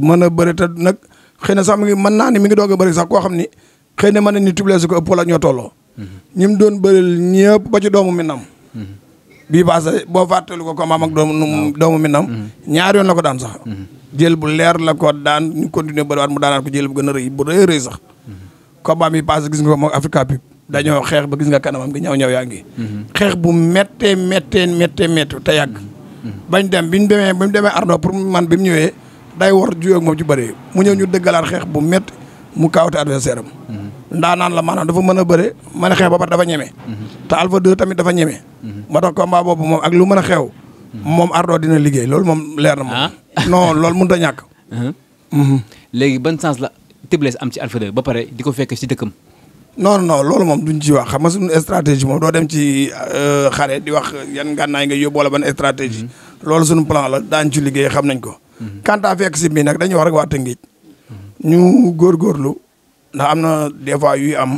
mën a bëri ta nag xëy na sax mi ngi mën naa ni mi ngi doog a bëri sax koo xam ni xëy na mën nañu tublee su ko ëpp a ñoo tolloo. Mhm. ñi mu doon bëril ñëpp ba ci doomu mi nam. Mhm. bii passé boo fàttali ko combat ak doomu doomu mi nam. Mhm. ñaar yoon la ko daan sax. jël bu leer la ko daan ñu continuer bëriwaat mu daanaat ko jël bu gën a rëy bu rëy rëy sax. combat mi passé gis nga ko moom Africa Cup dañoo xeex ba gis nga kanamam gi ñaw ñaw yaa ngi. xeex bu méttee méttee méttee méttee te yàgg. bañ dem bi ñu demee bi demee Ardo pour man bi mu ñëwee day wor juyoo ak moom ci bëri mu ñëw ñu dëggalaat xeex bu métti mu kaawte adversaire am. Mm-hmm. ndaanaan la maanaam dafa mën a bëre mën a xeex ba pare dafa ñeme. Mm-hmm. te Alpha tamit dafa ñeme. Mm-hmm. moo tax combat boobu moom ak lu mën a xew. moom Ardo dina liggéey loolu moom leer na moom. Ah. non loolu mënut a ñàkk. Uh-huh. léegi ban sens la Tip Less am ci Alpha ba pare di ko fekk si dëkkam. non non loolu moom duñ ci wax xam nga suñu stratégie moom doo dem ci euh, xare di wax yan ngànnaay nga yóbbu wala ban stratégie mm-hmm. loolu sunu plan la daañ ci liggéey xam nañ ko mm-hmm. quant à fekk si bii nag dañuy wax rek waa Tëngéej mm-hmm. ñu lu ndax am na des fois yuy am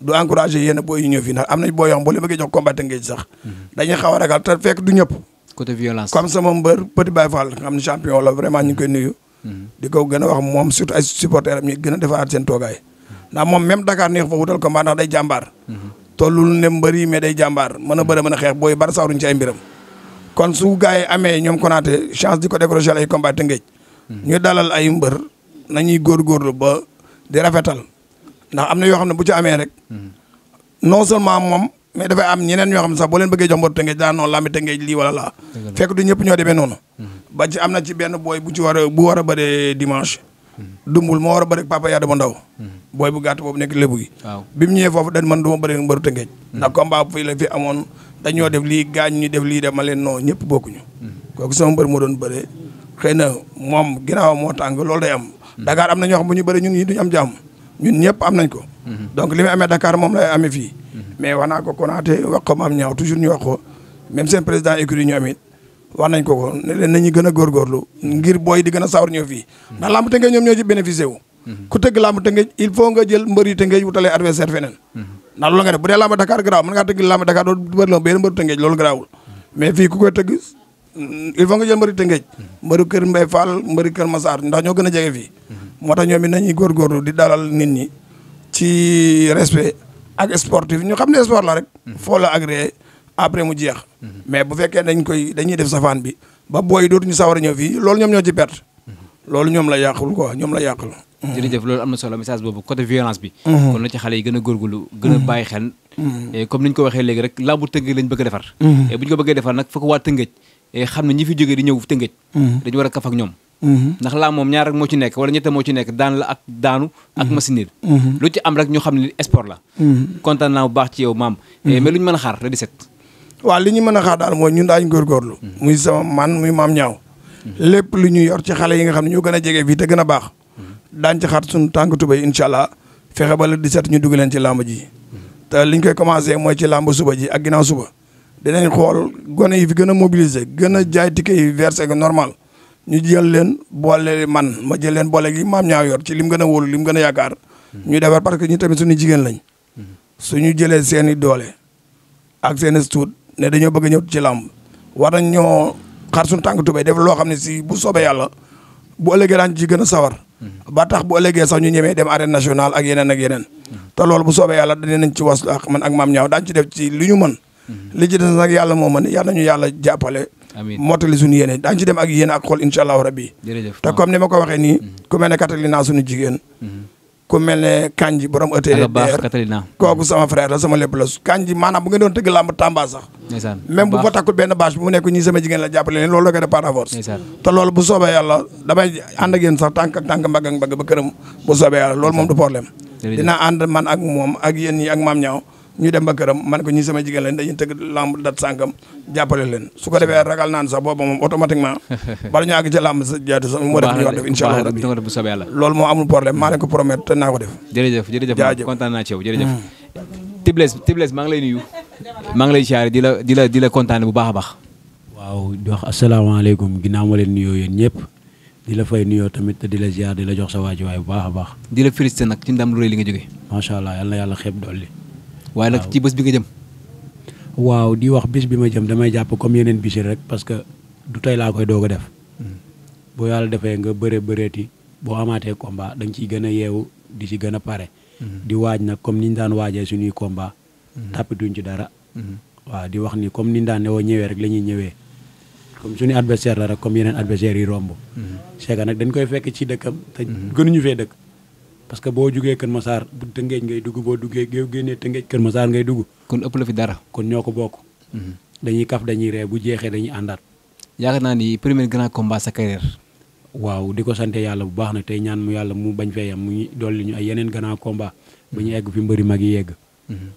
du encouragé yenn booy yu ñëw fii ndax am na booy yoo xam boo leen bëggee jox combat Tëngéej sax dañuy xaw a ragal te fekk du ñëpp côté violence comme sama mbër Petit Baye Fall xam ne champion la vraiment ñu ngi koy nuyu di ko gën a wax moom surtout ay supporter am ñu gën a defaraat seen ndax moom même Dakar neex fa wutal combat ndax day jàmbaar tollul ne mbëri mais day jàmbaar mën a bëre mën a xeex booy bar saaruñ ci ay mbiram kon su gars yi amee ñoom konaate chance di ko décrocher ay combat te ngeej ñu dalal ay mbër na nañuy góorgóorlu ba di rafetal ndax am na yoo xam ne bu ci amee rek non seulement moom mais dafa am ñeneen ñoo xam ne sax boo leen bëggee jox mbër tëngeej daanoo noonu lambi tëngeej lii wala laa fekk du ñëpp ñoo demee noonu ba am na ci benn booy bu ci war bu war a bëree dimanche dumbul moo war a bëri papa yaa a ndaw booy bu gàtt boobu nekk lébu gi bi mu ñëwee foofu dañ man du ma bëri mbaru tëngeej hmm. ndax combat fii la fi amoon dañoo def lii gaañ ñu def lii def ma leen non ñëpp bokkuñu hmm. kooku sama mbër moo doon bëree xëy na moom ginnaaw moo tàng loolu day am hmm. Dakar am na ñoo xam ñu bëri ñu ñi duñu am jàmm ñun ñëpp am nañ ko donc li muy amee Dakar moom lay amee fii mais wax naa ko konaate wax ko maam ñaaw toujours ñu wax ko même seen président écurie ñu wax nañ ko ko ne leen nañu gën a góorgóorlu ngir booy di gën a sawar ñëw fii ndax làmb tëngéej ñoom ñoo ci bénéficié wu mhm. ku tëgg làmb tëngéej il faut nga jël mbëri yi tëngéej wutalee adversaire feneen mhm. ndax loolu nga def bu dee làmb Dakar garaaw mën ngaa tëgg làmb Dakar doo mhm. mais fii ku ko tëgg mm, il faut nga jël mbëri tëngéej mbëri kër Mbay Fall mbëri kër ma saar ndax ñoo gën a jege fii moo tax ñoom it nañuy góorgóorlu di dalal nit ñi ci respect ak sportif ñu xam ne sport la rek foo la agréé après mu jeex. mais bu fekkee dañ koy dañuy def safaan bi ba booy dootuñu sawar a ñëw fii loolu ñoom ñoo ci perte. loolu ñoom la yàqul quoi ñoom la yàqul. jërëjëf loolu am na solo message boobu côté violence bi. Mm-hmm. kon na a góorgóorlu. Mm-hmm. Mm-hmm. ko waxee léegi rek làmbu tëngëj lañ bëgg a defar. bu ñu ko bëggee defar nag ñoom. ndax moom ñaar moo ci nekk wala ñette moo ci nekk daan la ak xam ne sport la. kontaan naa bu baax ci yow maam. mais lu ñu mën a xaar le 17 waaw li ñu mën a xaar daal mooy ñun daañu góorgóorlu. Hmm. muy sama man muy maam ñaaw. Hmm. lépp lu ñu yor ci xale yi nga xam ne ñoo gën a jege fii te gën a baax. Hmm. daañu ci xaar suñu tànk tubay incha allah fexe ba di 17 ñu dugg leen ci làmb ji. te liñ koy commencé mooy ci làmb suba ji ak ginnaaw suba. dinañ xool gone yi fi gën a mobiliser gën a jaay ticket yi versé normal ñu jël leen boole man ma jël leen boole gi maam ñaaw yor ci lim gën a wóolu lim gën a yaakaar. ñu defar parce que ñu tamit suñu jigéen lañ. suñu jëlee seen i doole ak seen i ne dañoo bëgg ñëw ci làmb war nañ ñëw xar suñu tànk tubéy def loo xam ne si bu soobee yàlla bu ëllëgee daan jigéen gën a sawar mm-hmm. ba tax bu ëllëgee sax ñu ñemee dem arène nationale ak yeneen ak yeneen mm-hmm. te loolu bu soobee yàlla danañ nañ ci was man ak maam ñaaw daañu ci def ci li ñu mën mm-hmm. li ci des nag yàlla moo mën yàlla nañu yàlla jàppale amiin mottali suñu yeneen daan ci dem ak yéene ak xol incha allahu rabbi te comme ni ma ko waxee nii ku mel ne Catalina suñu jigéen ku mel ne Kanji borom atelier kooku sama frère la sama lépp la Kanji maanaam bu ngeen doon tëgg làmb Tamba sax même bu fa takkul benn bâche bu mu nekk ñi sama jigéen la jàppale leen loolu la par force te loolu bu soobee yàlla damay ànd ak yéen sax tànk ak tànk mbagg bu soobee yàlla loolu moom du problème dinaa ànd man ak moom ak yéen ñi ak maam ñu dem ba këram man ko ñi sama jigéen lañ dañuy tëgg lamb dat sànkam jàppale leen su ko defee ragal naan sax booba moom automatiquement bala ñu àgg ci lamb sa jaatu sax moo def ñu war moo amul problème maa leen ko promettre te naa ko def jërëjëf jërëjëf kontaan naa ci hmm. lay nuyu maa ngi lay siyaare di la di la di la kontaane bu baax a baax waaw di wax asalaamaaleykum ginnaaw ma leen nuyoo yéen ñëpp di la tamit di la ziar la jox sa waajuwaay bu baax a baax di la félicité nag ci ndam lu rëy li nga jógee macha allah yal na yàlla xeeb dolli waaye ci bés bi nga jëm waaw di wax bis bi ma jëm damay jàpp comme yeneen bisir rek parce que du tey laa koy doog a def hmm. boo yàlla defee nga bëre bëreeti boo amaatee combat da nga ciy gën a yeewu di ci gën a pare hmm. di waaj nag comme niñ daan waajee suñuy combat hmm. tàppituñ ci dara waaw di wax nii comme niñ daan neewoo ñëwee rek la ñuy ñëwee comme suñu adversaire la rek comme yeneen adversaire yi romb Cheikh nag dañ koy fekk ci dëkkam te ñu fee dëkk parce que boo jugee Kër Masaar bu Tëngéej ngay dugg boo duggee yow génnee Tëngéej Kër Masaar ngay dugg. kon ëpp la fi dara. kon ñoo ko bokk. Mhm. dañuy kaf dañuy ree bu jeexee dañuy àndaat. yaakaar naa ni premier grand combat sa carrière. waaw di ko sante yàlla bu baax nag tey ñaan mu yàlla mu bañ fee yam mu dolli ñu ay yeneen grand combat. ba ñu mhm. egg fi mbëri mag yi yegg. Mhm.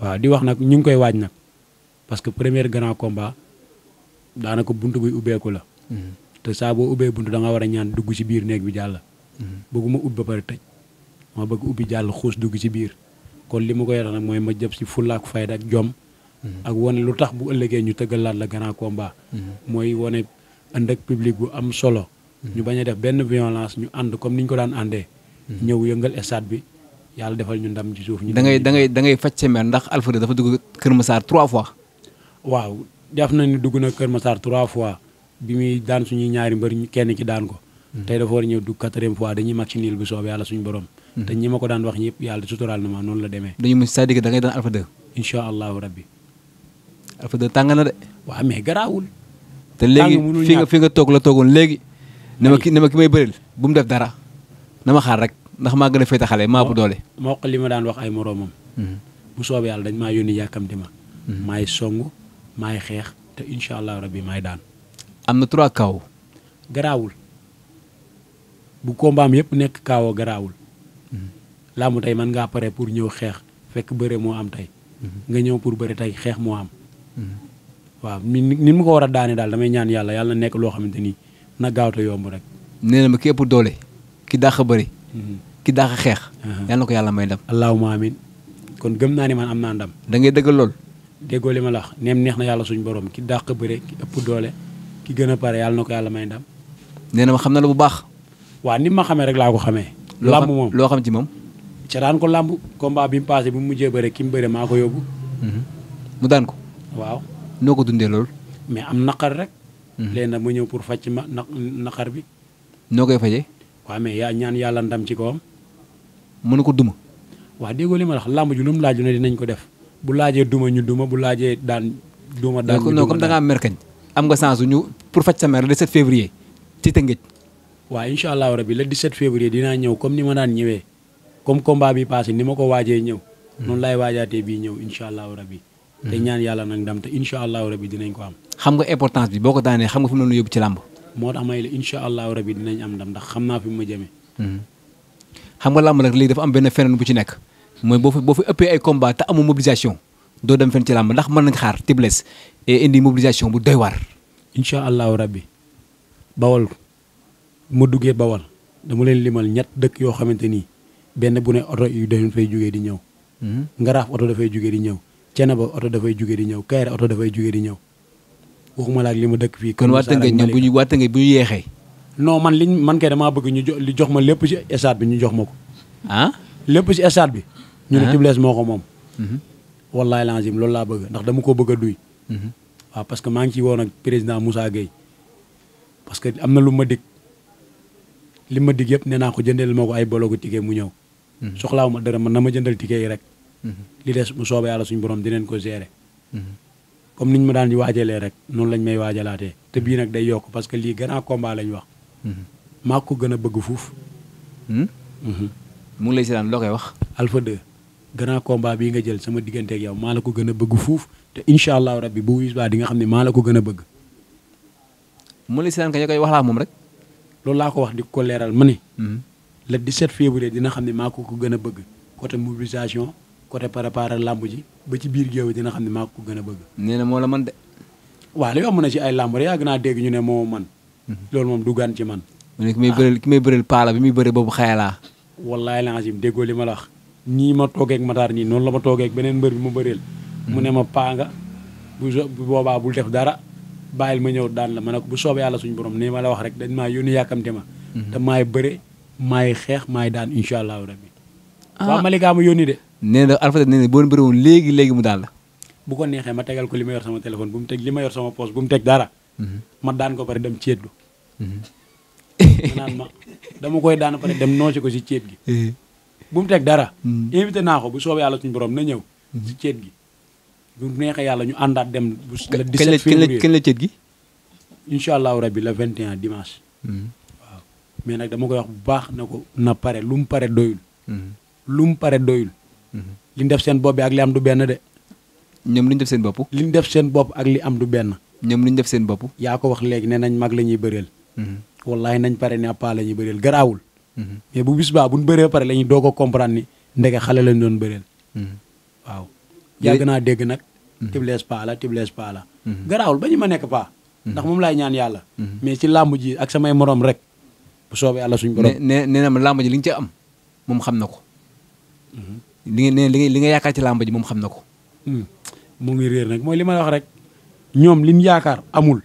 waaw di wax nag ñu ngi koy waaj nag parce que premier grand combat daanaka bunt buy ubbeeku la. te saa boo ubbee buntu da nga war a ñaan dugg ci biir néeg bi jàll. bëgguma ubbi ba pare tëj. ma bëgg ubbi jàll xuus dugg ci biir kon li mu ko yore nag mooy ma jëm si fulla ak fayda ak jom. Mhm. ak wane lu tax bu ëllëgee ñu laat la grand combat. Mhm. mooy wane ànd ak public bu am solo. Mhm. ñu bañ a def benn violence ñu ànd comme ni ñu ko daan àndee. ñëw yëngal stade bi yàlla defal ñu ndam ci suuf. ñu da ngay da ngay da ngay faj sa mer ndax Alfoury dafa dugg Kër Massar trois fois. waaw def na ni dugg na Kër Massar trois fois bi muy daan suñuy ñaari mbër kenn ci daan ko. tey dafa war a ñëw dugg dañuy mag ci niil bu soobee suñu borom. te ñi ma ko daan wax ñëpp yàlla suturaal na noonu la demee. dañu mujj c'est-à-dire da ngay daan alpha 2. incha allahu rabbi. alpha 2 tàng na de. waaw mais garaawul. te léegi fi nga fi nga toog la toogoon léegi. ne ma ki ne ma ki may bëril bu mu def dara. na ma xaar rek ndax maa gën a féete xale maa bu doole. moo li ma daan wax ay moroomam. Mhm. bu soobee yàlla dañ maa yónni yàkkamti ma. Mhm. maay song maay xeex te incha allahu rabbi maay daan. am na trois kaw. garaawul bu kombaam yépp nekk kaawoo garaawul. làmb tey man ngaa pare pour ñëw xeex fekk bëre moo am tey mhm. nga ñëw pour bëre tey xeex moo am mhm. waaw ni mu ko war a daane daal damay ñaan yàlla yàlla nekk loo xamante ni na gaaw te yomb rek nee na ma képp doole ki dàq bëri mhm. ki dàq xeex uh-huh. yàlla na ko yàlla may ndam kon gëm naa ne man am naa ndam da lool déggoo ma la wax neex na yàlla suñu borom ki dàq bëre ki doole ki gën a pare yàlla na ko yàlla may ndam nee na ma xam na la bu baax waaw ni ma xamee rek laa ko xamee làmb moom loo xam ci moom ca daan ko làmb combat bi mu bi mu jee bëre ki mu bëre maa ko yóbbu. Mhm. mu daan ko. waaw noo ko dundee loolu. mais am naqar rek. Mhm. léegi nag mu ñëw pour facc ma naqar bi. noo koy fajee. waaw mais yaa ñaan yàlla ndam ci kawam. mënu ko duma. waaw ko li ma wax làmb ju lu mu laaj ne dinañ ko def bu laajee duma ñu duma bu laajee daan duma. daan ñu duma comme da ngaa mer kañ am nga chance ñu pour faj sa mer le 17 février ci Tëngéej. waaw incha la rabi le 17 février ñëw comme ni ma daan ñëwee. comme combat bi passé ni ma ko waajee ñëw noonu laay waajaatee bii ñëw incha allahu rabi te hmm. ñaan yàlla nag ndam te incha allahu rabi dinañ ko am xam nga importance bi boo ko daanee xam nga fi mu la yóbbu ci làmb moo tax may la incha allahu rabi dinañ am ndam ndax xam naa fi mu ma jëmee hmm. xam nga làmb nag lii dafa am benn phénomène bu ci nekk mooy boo fi boo fi ëppee ay combat te amu mobilisation doo dem fenn ci làmb ndax mën nañ xaar tibles indi mobilisation bu doy waar incha allahu rabi bawal ma duggee bawal dama leen limal ñett dëkk yoo xamante nii benn bu ne oto yu dafay jugee di ñëw. Mhm. ngaraaf oto dafay jugee di ñëw. Cenaba oto dafay jugee di ñëw Kayra oto dafay juge di ñëw waxuma la ak li ma dëkk fii. kon waa Tëngéej ñoom bu ñu yeexee. non man liñ man kay damaa bëgg ñu jo li jox ma lépp ci stade bi ñu jox ma ko. ah lépp si stade bi. ñu ne ah? Tip moo ko moom. Mhm. wallaahi laazim loolu laa bëgg ndax dama koo bëgg a duy. Mhm. waaw parce que maa ngi ciy woon ak président Moussa Gueye parce que am na lu ma dig li ma dig yëpp nee naa ko jëndeel ma ko ay boloogu ticket mu ñëw. Mhm. soxlaawu ma dara man na ma jëndal ticket yi rek. Mhm. li des bu soobee yàlla suñu borom dinañ ko gérer. Mhm. comme niñ ma daan di waajalee rek noonu lañ may waajalaatee te bii nag day yokk parce que lii grand combat lañ wax. maa ko gën a bëgg fuuf. Hmm? mu ngi lay si daan koy wax. Alpha 2 grand combat bii nga jël sama diggante ak maa la ko gën a bëgg fuuf te incha allahu rabbi bu wis baa di nga xam ne maa la ko gën a bëgg. mu ngi lay si daan kañ koy wax laa moom rek. loolu laa ko wax di ko leeral ma ni. Hmm. la le 17 février dina xam ne maa ko ko gën a bëgg côté mobilisation côté préparer làmb ji ba ci biir géew dina xam ne maa ko gën a bëgg. nee na moo la man de. waaw li am na si ay làmb rek yàgg naa dégg ñu ne moo man. Mhm. loolu moom du gan ci man. mu ne ah. ki may bëreel ki may bëreel paala bi muy bëre boobu xayalaa. wallaahi laazim déggoo li ma la wax nii ma toogee ak Matar nii noonu la ma toogee beneen bër bi ma bëreel. mu mhm. ne ma paa bu boobaa bul def dara bàyyil ma ñëw daan la ma ne ko bu soobee suñu borom nii ma wax rek dañ maa yónni yàkkamte mhm. te maay maay xeex maay daan incha allahu rabbi. ah waaw Malika ma yónni de. nee na Alpha nee na boo bëri woon léegi léegi mu daal la. bu ko neexee ma tegal ko li ma yor sama téléphone bu mu teg li ma yor sama poche bu mu teg dara. Mhm. ma daan ko pare dem ceeb mhm. naan ma dama koy daan pare dem noosi ko si ceeb gi. Eh. bu mu teg dara. Mm. invité naa ko bu soobee yàlla suñu borom na ñëw. Mm-hmm. si ceeb gi bu neexee yàlla ñu àndaat dem. bu le 17 février kañ la kañ gi. incha allahu rabbi le 21 dimanche. Mm-hmm. mais nag dama koy wax bu baax na ko na pare lu mu pare doyul. Mhm. lu mu pare doyul. Mhm. li ñu def seen bopp bi ak li am du benn de. ñoom li ñu def seen bopp. li ñu def seen bopp ak li am du benn. ñoom li ñu def seen bopp. yaa ko wax léegi ne nañ mag la ñuy bëreel. Mhm. wallaahi nañ pare ne paa la ñuy bëreel garaawul. mais bu bis baa bu ñu bëree pare la doo ko comprendre ni ndeke xale lañ doon bëreel. waaw yàgg naa dégg nag. tiblees paa la tiblees paa la. garaawul ba ñu ma yàlla. mais ji ak samay morom rek. bu soobee yàlla suñu borom. nee ne na ma làmb ji li nga ci am moom xam na ko. Mm-hmm. li nga nee li nga yaakaar ci làmb ji moom xam na ko. Mm. mu ngi réer nag mooy li ma la wax rek ñoom li ñu yaakaar amul.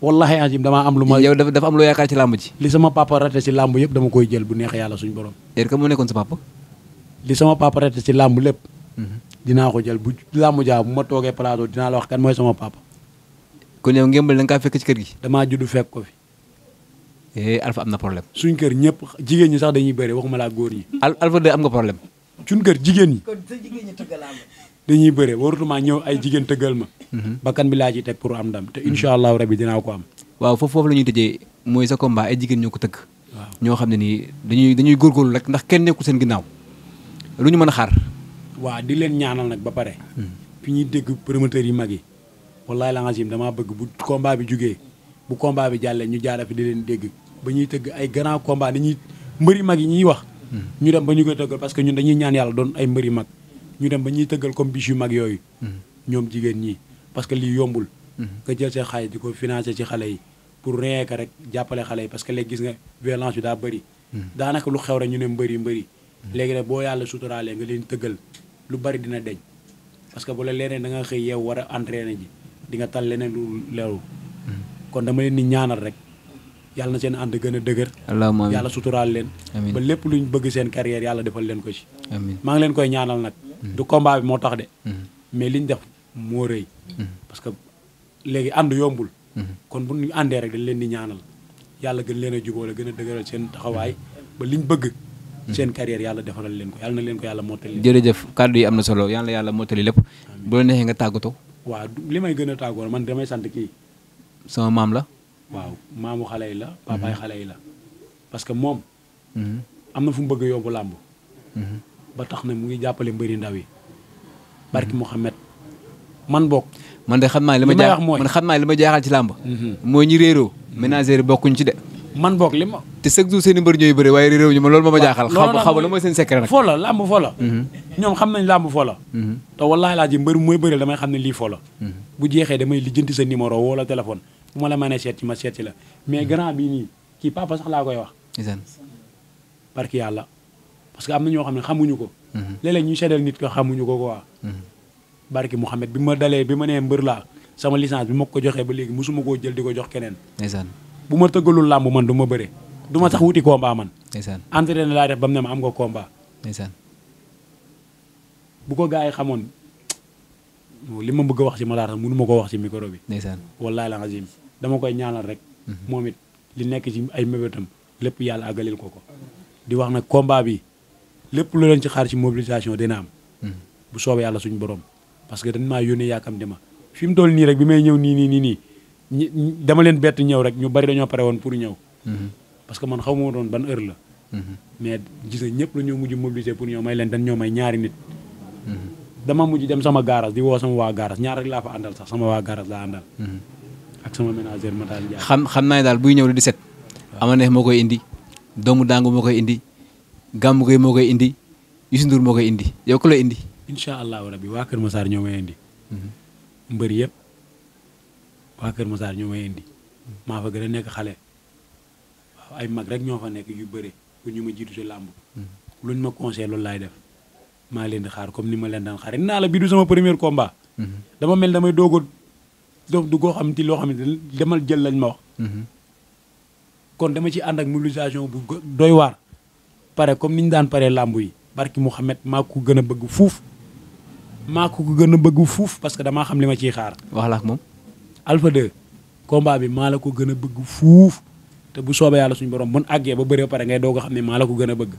wallahi ajim damaa am lu ma. yow dafa am loo yaakaar ci làmb ji. li sama papa raté ci làmb yëpp dama koy jël bu neexee yàlla suñu borom. yéen moo nekkoon sa papa. li sama papa raté ci làmb lépp. Mm-hmm. dinaa ko jël bu làmb jaa bu ma toogee plateau dinaa la wax kan mooy sama papa. kon yow ngémbal da nga kaa fekk si kër gi. damaa juddu fekk ko fi. Alpha am na problème. suñ kër ñëpp jigéen ñi sax dañuy bëri waxuma laa góor ñi. Alpha de am nga problème. suñ kër jigéen ñi. kon sa jigéen ñi tëggalaa dañuy bëre warutuma ñëw ay jigéen tëggal ma. Mhm. bakkan bi laa ciy teg pour am ndam te mhm. incha allahu rabi dinaa ko am. waaw foofu foofu tëjee mooy sa combat ay jigéen ñoo ko tëgg. waaw ñoo xam ne nii dañuy dañuy góorgóorlu rek ndax kenn nekku seen ginnaaw lu ñu mën a xaar. waaw di leen ñaanal nag ba pare. Mhm. fi ñuy dégg promoteurs yi mag yi. wallaahi la nga dama bëgg bu combat bi jugee bu combat bi jàllee di leen ba ñuy tëgg ay grand combat dañuy mbëri mag yi ñuy wax ñu dem ba ñu koy tëggal parce que ñun dañuy ñaan yàlla doon ay mbëri mag ñu dem ba ñuy tëggal comme bis yu mag yooyu ñoom jigéen ñi parce que lii yombul nga jël seen xaalis di ko financé ci xale yi pour rien que rek jàppale xale yi parce que léegi gis nga violence yu daa bëri daanaka lu xew rek ñu ne mbëri mbëri léegi nag boo yàlla suturaalee nga leen tëggal lu bari dina deñ parce que bu la leneen da nga xëy yeew war a entraîné ji di nga tal leneen lu leeru kon dama leen ni ñaanal rek yàlla seen ànd gën a dëgër yàlla suturaal leen ba lépp luñ bëgg seen carrière yàlla defal leen ko ci maa ngi leen koy ñaanal mhm. du combat moo tax de mhm. mais liñ def moo rëy mhm. parce que léegi ànd yombul kon bu ñu àndee rek leen di ñaanal yàlla gën leen a jubóole gën dëgëral seen taxawaay ba liñ bëgg seen carrière yàlla defalal leen ko yàlla na leen ko yàlla mottali jërëjëf kàddu yi am na yàlla yàlla mottali lépp bu la neexee nga tàggatoo waaw li may gën a tàggoo man damay sant kii sama maam la waaw maamu xale yi la mhm. papaay xale yi la parce que moom mhm. am na fu mu bëgg bu làmb mhm. ba tax na mu ngi jàppale mbëri ndaw yi barki Mouhamed man bokk man de xam naa li ma jaax mooy xam naa li ma jaaxal ci làmb mooy ñi réeroo ménagère bokkuñ ci de man bokk li ma te chaque jour seen mbër ñooy bëri waaye réew ñu ma loolu ma a jaaxal xam xaw la mooy seen secret nag foo la làmb foo la ñoom xam nañ làmb foo la te wallaahi laa ji mbër mooy bëri damay xam ne lii foo la bu jeexee damay lijjanti sa numéro woo téléphone bu ma la mënee seet ci ma seet ci la mais hmm. grand bi nii kii papa sax laa koy wax. barki yàlla parce que am na ñoo xam ne xamuñu ko. Hmm. léeg ñu seedal nit ko xamuñu ko ko quoi. Hmm. barki Mouhamed bi ma dalee bi ma nee mbër laa sama licence bi ma ko joxee ba léegi musuma koo jël di ko jox keneen. bu ma tëggalu làmb man duma ma bëre. du ma sax wuti combat man. entraîné laa def ba mu ne ma am nga combat. bu ko gars yi xamoon li ma bëgg a wax ci Matar sax mënu ma ko wax ci micro bi. ndeysaan wallaahi la azim dama koy ñaanal rek. Mhm. moom it li nekk ci ay mébétam lépp yàlla àggalil ko ko. di wax nag combat bi lépp lu leen ci xaar ci mobilisation dina am. Mhm. bu soobee yàlla suñu borom. parce que dañ maa yónnee yaakam di ma fi mu toll nii rek bi may ñëw nii nii nii nii ñi dama leen bett ñëw rek ñu bari dañoo pare woon pour ñëw. Mhm. parce que man xaw ma doon ban heure la. mais gis nga ñëpp la ñoo mujj mobiliser pour ñëw may leen dañ ñoo may ñaari nit. dama mujj dem sama garage di woo sama waa garage ñaar rek laa fa àndal sax sama waa garage laa àndal. Mhm. ak sama ménagère ma daal jaay. xam xam naa ne daal buy ñëw di set. ama moo koy indi doomu daangu moo koy indi gàmmu gay moo koy indi Youssou Ndour moo koy indi yow indi. incha allahu rabi waa Kër Massar ñoo may indi. Mhm. mbër yëpp waa Kër Massar ñoo may indi. maa fa gën a nekk xale. ay mag rek ñoo fa nekk yu bëri pour ñu ma jiitu si làmb. Mhm. luñ loolu laay def. maa leen di xaar comme ni ma leen daan xaar naa la bi du sama premier combat. Mhm. dama mel damay doog doog du goo xam ti loo xam ne demal jël lañ ma mhm. kon dama ci ànd ak mobilisation bu doy waar. pare comme ni ñu daan paree làmb yi barki Mouhamed maa ko gën a bëgg fuuf maa ko gën a bëgg fuuf parce que damaa xam li ma ciy xaar. wax la moom. Alpha 2 bi maa la ko gën a bëgg fuuf te bu soobee yàlla suñ borom bu nu àggee ba bëree pare ngay doog a xam ne maa la ko gën a bëgg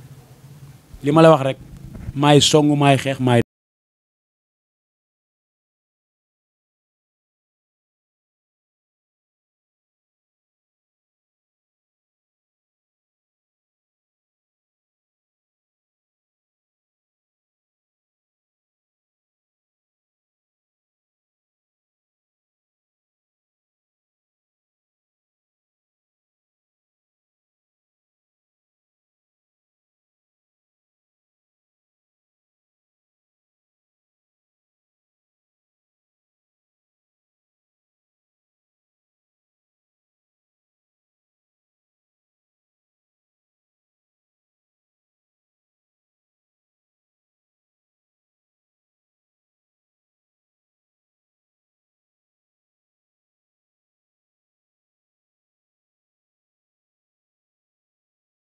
li ma la wax rek. maay song maay xeex maay